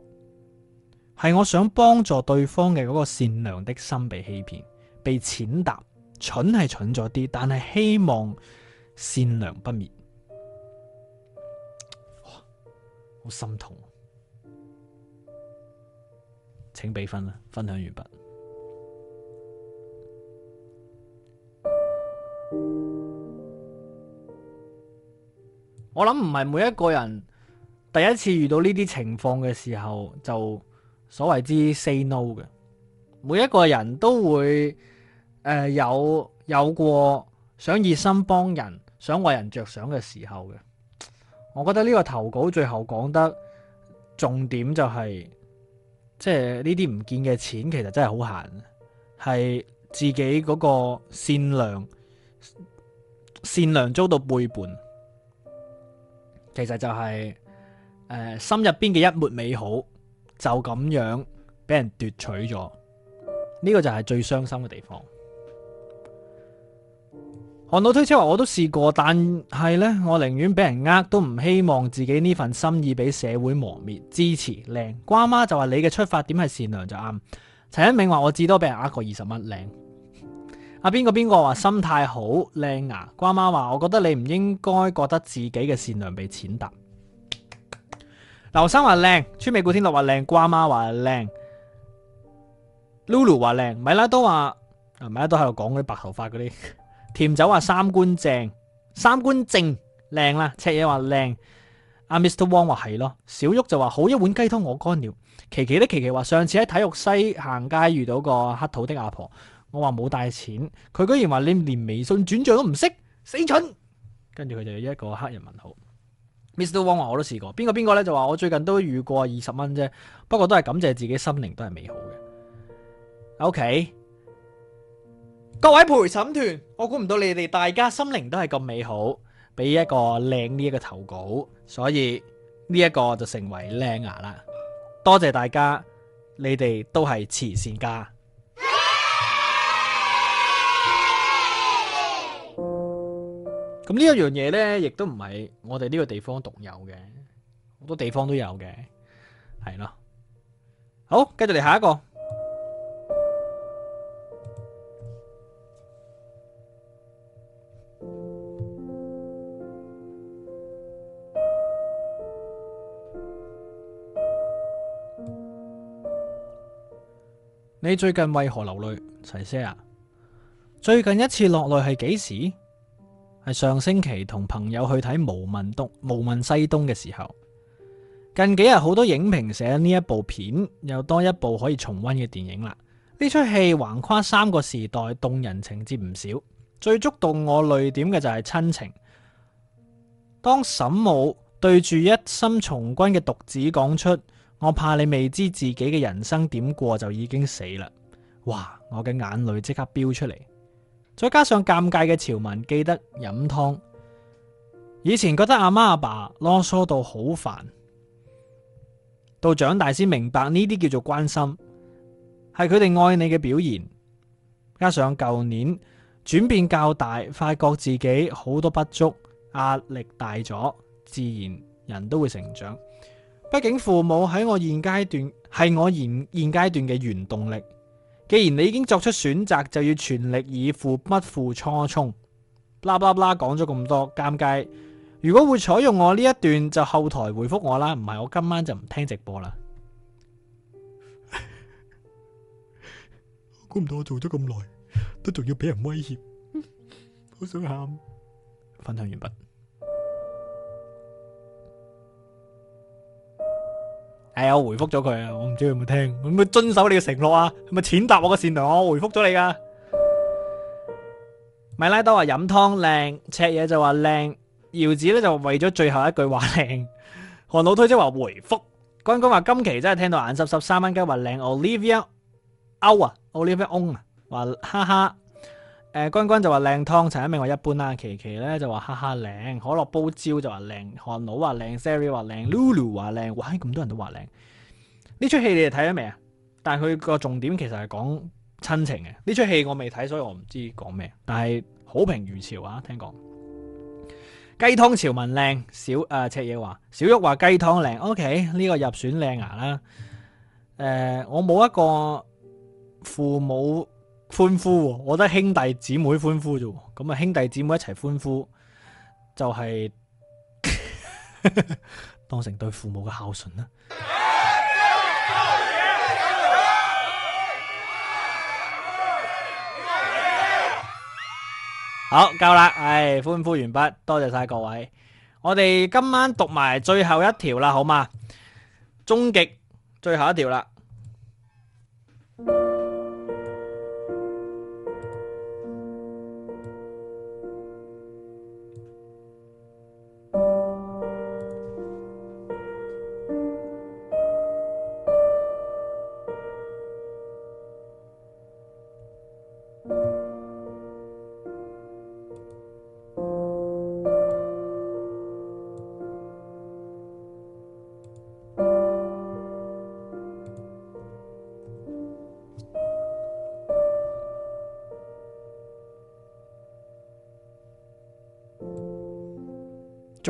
係我想幫助對方嘅嗰個善良的心被欺騙、被踐踏，蠢係蠢咗啲，但係希望善良不滅。哇，好心痛啊，請俾分啦，分享完畢。我諗唔係每一個人第一次遇到呢啲情況嘅時候就所謂之 say no 嘅，每一個人都會誒、呃、有有過想熱心幫人、想為人着想嘅時候嘅。我覺得呢個投稿最後講得重點就係、是，即係呢啲唔見嘅錢其實真係好閒，係自己嗰個善良善良遭到背叛。其實就係、是、誒、呃，心入邊嘅一抹美好就咁樣俾人奪取咗，呢、這個就係最傷心嘅地方。韓老推車話我都試過，但係呢，我寧願俾人呃都唔希望自己呢份心意俾社會磨滅。支持靚瓜媽就話你嘅出發點係善良就啱。陳一銘話我至多俾人呃過二十蚊靚。阿、啊、邊個邊個話心態好靚啊？瓜媽話：我覺得你唔應該覺得自己嘅善良被踐踏劉。劉生話靚，川美古天樂話靚，瓜媽話靚，Lulu 話靚，米拉都話係咪都喺度講嗰啲白頭髮嗰啲。 甜酒話三觀正，三觀正靚啦，啊。赤嘢話靚，阿、啊、Mr. Wong 話係咯。小玉就話好一碗雞湯我乾了。琪琪咧，琪琪話上次喺體育西行街遇到個乞討的阿婆。我話冇帶錢，佢居然話你連微信轉賬都唔識，死蠢！跟住佢就有一個黑人問號。Mr. Wong 話我都試過，邊個邊個呢？就話我最近都遇過二十蚊啫，不過都係感謝自己心靈都係美好嘅。OK，各位陪審團，我估唔到你哋大家心靈都係咁美好，俾一個靚呢一個投稿，所以呢一個就成為靚牙啦。多謝大家，你哋都係慈善家。咁呢一樣嘢呢，亦都唔係我哋呢個地方獨有嘅，好多地方都有嘅，係咯。好，繼續嚟下一個。 你最近為何流淚？齊 Sir，最近一次落淚係幾時？上星期同朋友去睇《無問東無問西東》嘅時候，近幾日好多影評寫呢一部片，又多一部可以重溫嘅電影啦。呢出戲橫跨三個時代，動人情節唔少。最觸動我淚點嘅就係親情。當沈母對住一心從軍嘅獨子講出：我怕你未知自己嘅人生點過，就已經死啦。哇！我嘅眼淚即刻飆出嚟。.再加上尷尬嘅潮文，記得飲湯。以前覺得阿媽阿爸囉嗦到好煩，到長大先明白呢啲叫做關心，係佢哋愛你嘅表現。加上舊年轉變較大，發覺自己好多不足，壓力大咗，自然人都會成長。畢竟父母喺我現階段係我現，現階段嘅原動力。既然你已經作出選擇，就要全力以赴，不負初衷。啦啦啦，講咗咁多，尷尬。如果會採用我呢一段，就後台回覆我啦。唔係，我今晚就唔聽直播啦。估 唔到我做咗咁耐，都仲要俾人威脅，好 想喊。分享完畢。係、哎、啊，我回覆咗佢啊，我唔知佢有冇聽，佢會唔會遵守你嘅承諾啊，係咪踐踏我嘅善良？我回覆咗你噶。 米拉多話飲湯靚，赤嘢就話靚，姚子咧就為咗最後一句話靚，韓老推即係話回覆，君哥話今期真係聽到眼濕濕，三蚊雞話靚，Olivia 歐啊，Olivia 翁啊，話哈哈。呃、君君就話靚湯，陳一明話一般啦、啊，琪琪咧就話哈哈靚，可樂煲蕉就話靚，韓佬話靚，Siri 話靚，Lulu 話靚，哇，咁多人都話靚。呢出戲你哋睇咗未啊？但係佢個重點其實係講親情嘅。呢出戲我未睇，所以我唔知講咩。但係好評如潮啊，聽講。雞湯潮文靚，小誒、呃、赤嘢話，小玉話雞湯靚，OK，呢個入選靚牙啦。誒、呃，我冇一個父母。歡呼，我覺得兄弟姊妹歡呼啫，咁啊兄弟姊妹一齊歡呼，就係 當成對父母嘅孝順啦。好，夠啦，唉、哎，歡呼完畢，多謝晒各位，我哋今晚讀埋最後一條啦，好嘛，終極最後一條啦。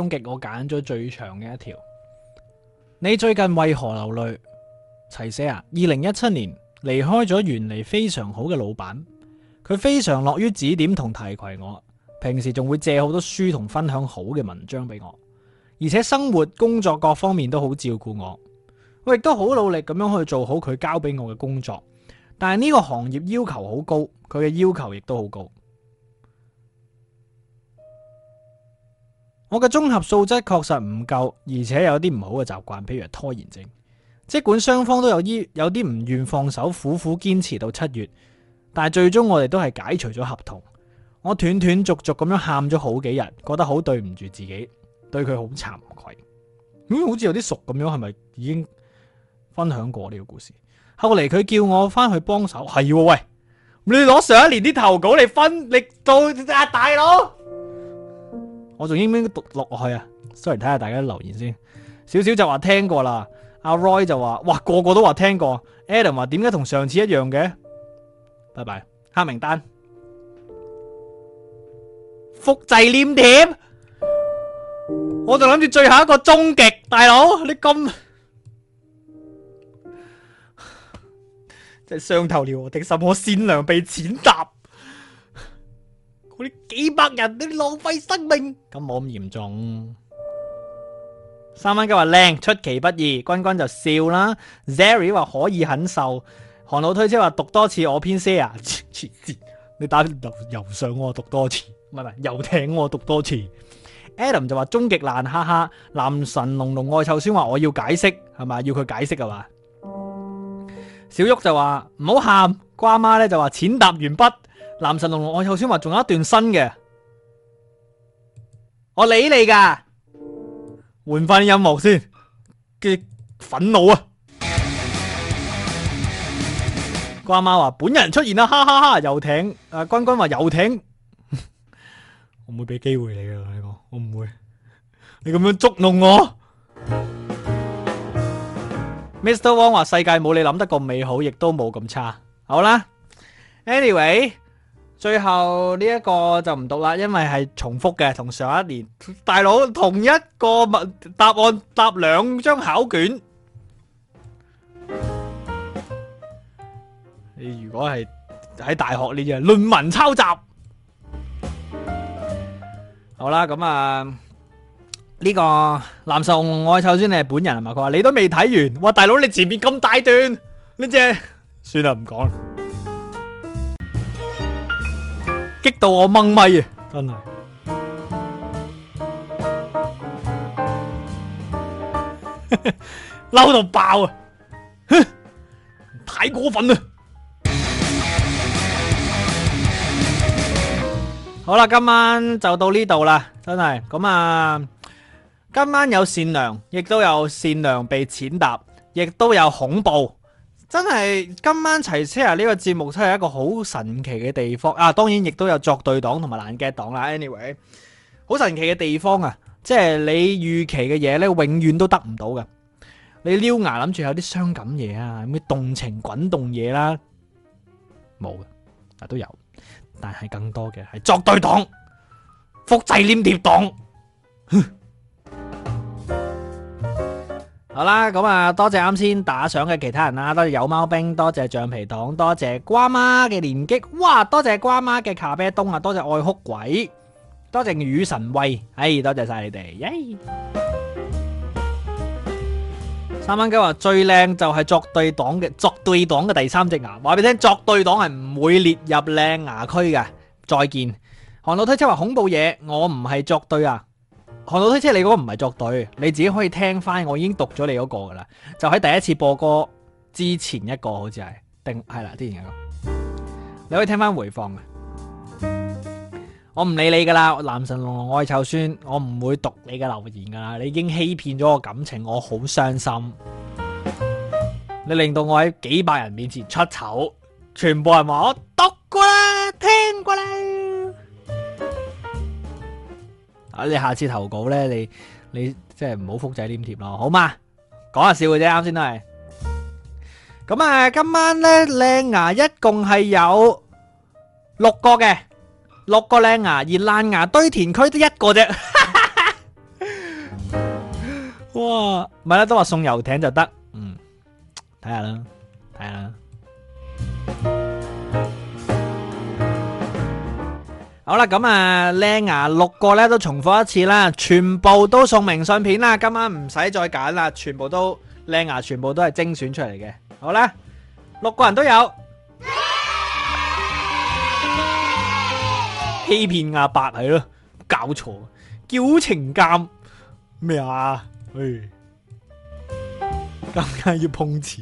極我揀咗最長嘅一條。你最近為何流淚？齊些牙！二零一七年離開咗原嚟，非常好嘅老闆，佢非常樂於指點同提攜我，平時仲會借好多書同分享好嘅文章俾我，而且生活、工作各方面都好照顧我。我亦都好努力咁樣去做好佢交俾我嘅工作，但係呢個行業要求好高，佢嘅要求亦都好高。我嘅綜合素質確實唔夠，而且有啲唔好嘅習慣，譬如拖延症。即管雙方都有啲有啲唔願放手，苦苦堅持到七月，但係最終我哋都係解除咗合同。我斷斷續續咁樣喊咗好幾日，覺得好對唔住自己，對佢好慚愧。咁好似有啲熟咁樣，係咪已經分享過呢個故事？後嚟佢叫我翻去幫手，係、哦、喂，你攞上一年啲投稿嚟分，力到阿大佬。我仲應唔應該讀落去啊？Sorry 睇下大家留言先。少少就話聽過啦。阿 Roy 就話，哇個個都話聽過。Adam 話點解同上次一樣嘅？拜拜，黑名單。複製粘貼。我就諗住最後一個終極大佬，你咁，真係傷透了我的心，我善良被踐踏。幾百人，你浪費生命咁冇咁嚴重。三蚊雞話靚，出其不意。君君就笑啦。Zary 話可以很瘦。韓老推車話讀多次，我偏 say 啊， 你打游游上我讀多次。唔係唔係，游艇我讀多次。Adam 就話終極爛，哈哈。男神濃濃愛臭酸話我要解釋，係咪？要佢解釋係嘛？小玉就話唔好喊。瓜媽咧就話淺答完畢。男神龍龍，我頭先話仲有一段新嘅，我理你噶，換翻啲音樂先，激憤怒啊！瓜媽話本人出現啦，哈哈哈！遊艇，阿君君話遊艇，我唔會俾機會你嘅，我我唔會，你咁樣捉弄我。Mr. Wang 話世界冇你諗得咁美好，亦都冇咁差。好啦，Anyway。最後呢一個就唔讀啦，因為係重複嘅，同上一年，大佬同一個答案答兩張考卷。你如果係喺大學呢隻論文抄襲，好啦，咁啊呢個藍壽我湊先，你係本人係嘛？佢話你都未睇完，哇大佬你前面咁大段呢只，算啦唔講啦。激到我掹咪啊！真係，嬲到爆啊！哼，太過分啦！好啦，今晚就到呢度啦，真係咁啊！今晚有善良，亦都有善良被踐踏，亦都有恐怖。真係今晚齊車啊！呢個節目真係一個好神奇嘅地方啊！當然亦都有作對黨同埋爛 gag 黨啦。anyway，好神奇嘅地方啊，即係你預期嘅嘢呢，永遠都得唔到嘅。你撩牙諗住有啲傷感嘢啊，咩動情滾動嘢啦，冇嘅。啊都有，但係更多嘅係作對黨、複製黏貼黨。好啦，咁啊，多謝啱先打賞嘅其他人啦，多謝有貓兵，多謝橡皮黨，多謝瓜媽嘅連擊，哇，多謝瓜媽嘅咖啡東啊，多謝愛哭鬼，多謝雨神威，哎，多謝晒你哋，耶！三蚊雞話最靚就係作對黨嘅作對黨嘅第三隻牙，話俾你聽作對黨係唔會列入靚牙區嘅，再見。韓老推出話恐怖嘢，我唔係作對啊。航道推車，你嗰個唔係作對，你自己可以聽翻。我已經讀咗你嗰個噶啦，就喺第一次播歌之前一個好像是，好似係定係啦、啊、之前一個。你可以聽翻回放嘅。我唔理你噶啦，男神龍龍愛臭酸，我唔會讀你嘅留言噶啦。你已經欺騙咗我感情，我好傷心。你令到我喺幾百人面前出醜，全部人話我讀過啦，聽過啦。你下次投稿咧，你你即係唔好複製黏貼咯，好嘛？講下笑嘅啫，啱先都係。咁啊，今晚咧靚牙一共係有六個嘅，六個靚牙，而爛牙堆填區得一個啫。哇！咪啦都話送遊艇就得，嗯？睇下啦，睇下啦。好啦，咁啊，靚牙六個咧都重複一次啦，全部都送明信片啦，今晚唔使再揀啦，全部都靚牙，全部都係精選出嚟嘅。好啦，六個人都有， 欺騙阿伯係咯，搞錯，叫情監咩啊？唉、哎，咁硬要碰瓷。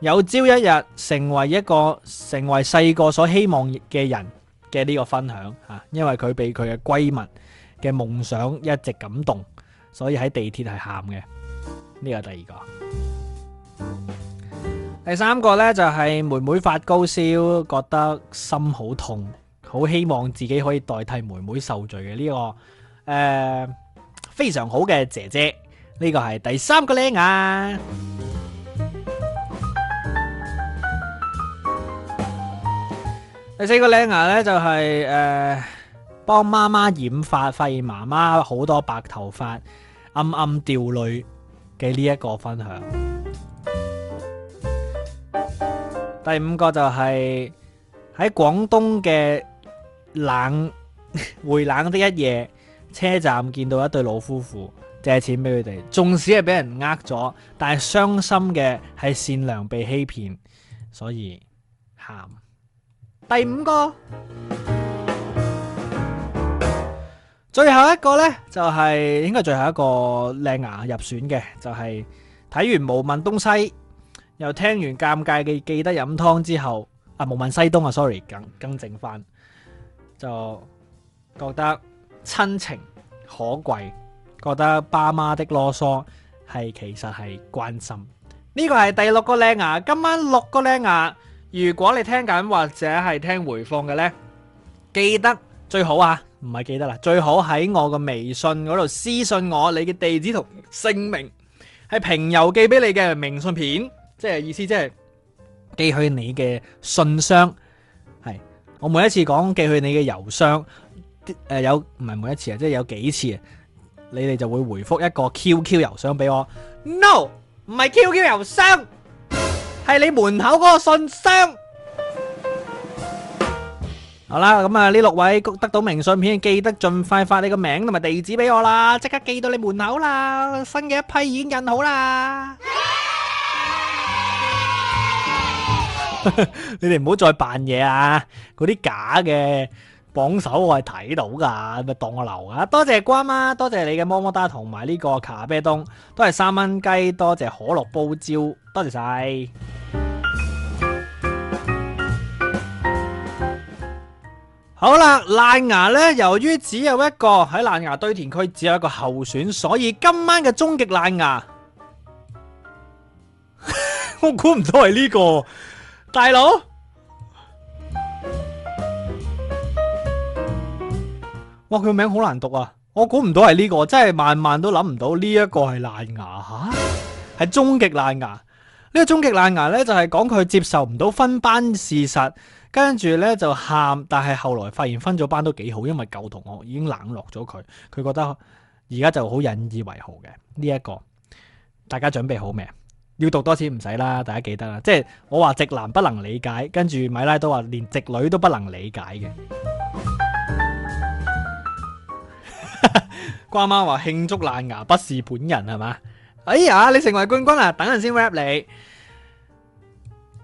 有朝一日成為一個成為細個所希望的人的這個分享吓,因為他被他的閨蜜的夢想一直感動,所以在地鐵是喊的。這個第二個。第三個呢就是妹妹發高燒,覺得心很痛,很希望自己可以代替妹妹受罪的這個呃非常好的姐姐,這個是第三個靚啊!第四個靚牙咧，就係誒幫媽媽染髮，發現媽媽好多白頭髮，暗暗掉淚嘅呢一個分享。第五個就係喺廣東嘅冷回冷的一夜，車站見到一對老夫婦，借錢俾佢哋，縱使係俾人呃咗，但係傷心嘅係善良被欺騙，所以喊。第五個，最後一個呢，就係、是、應該最後一個靚牙入選嘅，就係、是、睇完無問東西，又聽完尷尬嘅記得飲湯之後，啊無問西東啊，sorry 更更正翻，就覺得親情可貴，覺得爸媽的囉嗦係其實係關心，呢個係第六個靚牙，今晚六個靚牙。如果你聽緊或者係聽回放嘅呢，記得最好啊，唔係記得啦，最好喺我個微信嗰度私信我你嘅地址同姓名，係平郵寄俾你嘅明信片，即係意思即係寄去你嘅信箱。係我每一次講寄去你嘅郵箱，誒，呃，有，唔係每一次啊，即係有幾次啊，你哋就會回覆一個 QQ 郵箱俾我。No，唔係 QQ 郵箱。係你門口嗰個信箱。好啦，咁啊，呢六位得到明信片，記得盡快發你個名同埋地址俾我啦，即刻寄到你門口啦。新嘅一批已經印好啦。你哋唔好再扮嘢啊！嗰啲假嘅榜首我係睇到噶，咪當我流啊！多謝瓜媽，多謝你嘅麼麼噠同埋呢個咖啡東，都係三蚊雞。多謝可樂煲蕉，多謝晒。好啦，爛牙呢，由於只有一個喺爛牙堆填區，只有一個候選，所以今晚嘅終極爛牙， 我估唔到係呢個大佬。 哇，佢個名好難讀啊！我估唔到係呢個，真係萬萬都諗唔到呢一個係爛牙吓，係終極爛牙。呢個 終極爛牙呢，就係講佢接受唔到分班事實。跟住咧就喊，但係後來發現分咗班都幾好，因為舊同學已經冷落咗佢，佢覺得而家就好引以為豪嘅呢一個。大家準備好未？要讀多次唔使啦，大家記得啦。即係我話直男不能理解，跟住米拉都話連直女都不能理解嘅。瓜媽話慶祝爛牙不是本人係嘛？哎呀，你成為冠軍啦，等陣先 rap 你。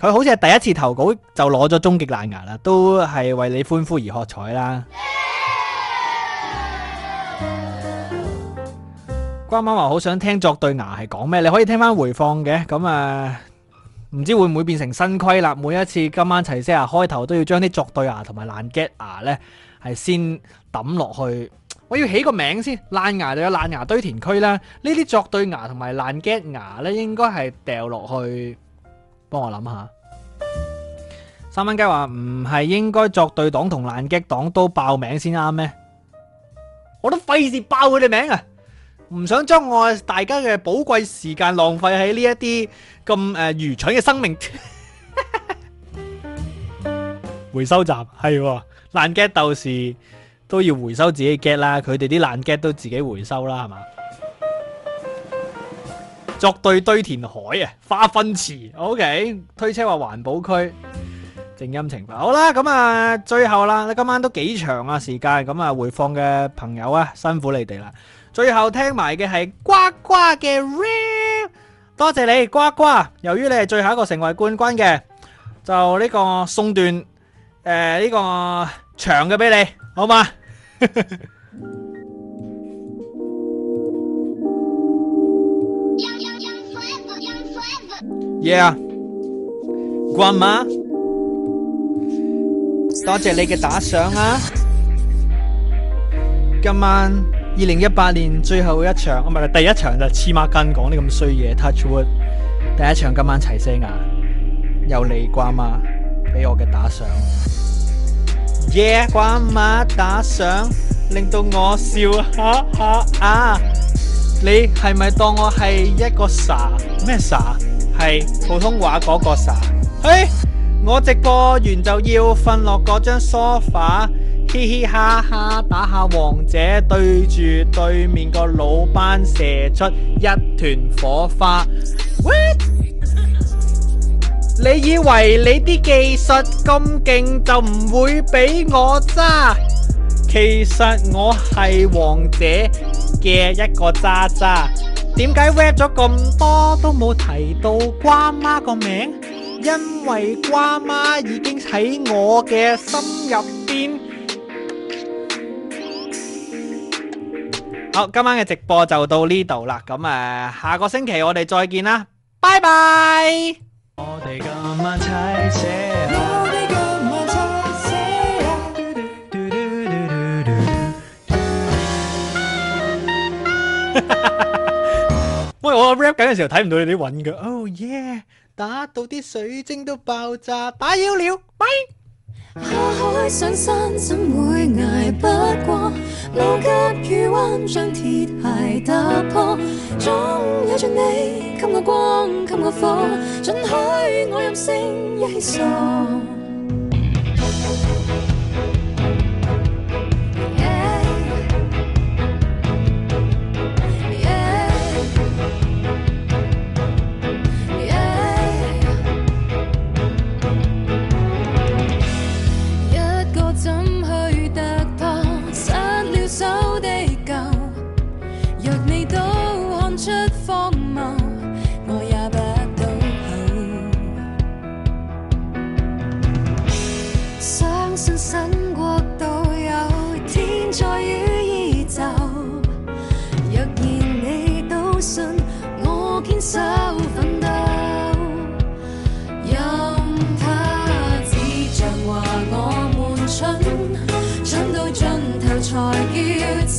佢好似係第一次投稿就攞咗終極爛牙啦，都係為你歡呼而喝彩啦！Yeah! 關媽媽好想聽作對牙係講咩？你可以聽翻回放嘅。咁、嗯、啊，唔知會唔會變成新規啦？每一次今晚齊些牙，開頭都要將啲作對牙同埋爛 get 牙呢係先抌落去。我要起個名先，爛牙就有爛牙堆填區啦。呢啲作對牙同埋爛 get 牙呢應該係掉落去。幫我諗下，三蚊雞話唔係應該作對黨同爛 g 黨都爆名先啱咩？我都費事爆佢哋名啊！唔想將我大家嘅寶貴時間浪費喺呢一啲咁誒愚蠢嘅生命 回收站係，爛 g e 到鬥士都要回收自己 g e 啦，佢哋啲爛 g 都自己回收啦，係嘛？作對堆填海啊，花分池，OK，推車話環保區，靜音情況。好啦，咁啊，最後啦，你今晚都幾長啊時間，咁啊回放嘅朋友啊，辛苦你哋啦。最後聽埋嘅係呱呱嘅 rap，多謝你呱呱。由於你係最後一個成為冠軍嘅，就呢個送段誒呢個長嘅俾你，好嘛？耶啊，瓜媽，多謝你嘅打賞啊！今晚二零一八年最後一場，唔係第一場就黐孖筋講啲咁衰嘢。Touch wood，第一場今晚齊聲啊！有你瓜媽畀我嘅打賞，耶，瓜媽打賞, yeah, 打賞令到我笑啊啊啊！你係咪當我係一個傻咩傻？係普通話嗰個傻，嘿！我直播完就要瞓落嗰張梳化，嘻嘻哈哈打下王者，對住對面個魯班射出一團火花。What？你以為你啲技術咁勁就唔會俾我渣？其實我係王者嘅一個渣渣。點解搵咗咁多都冇提到瓜媽個名？因為瓜媽已經喺我嘅心入邊。好，今晚嘅直播就到呢度啦。咁誒，下個星期我哋再見啦，拜拜。喂，我 rap 緊嘅時候睇唔到你哋啲韻腳，oh yeah，打到啲水晶都爆炸，打擾了，喂。下海上山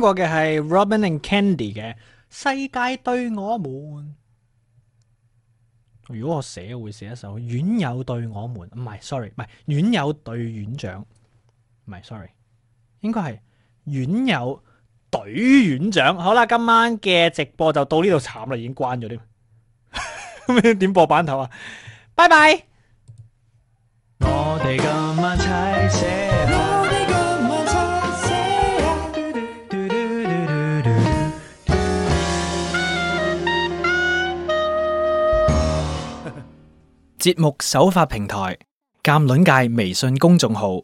過嘅係 Robin and Candy 嘅世界對我們。如果我寫會寫一首院友對我們，唔係，sorry 唔係院友對院長，唔係，sorry 應該係院友隊院長。好啦，今晚嘅直播就到呢度慘啦，已經關咗添。咁 點播版頭啊？拜拜。我哋今晚節目首發平台：鑑論界微信公眾號。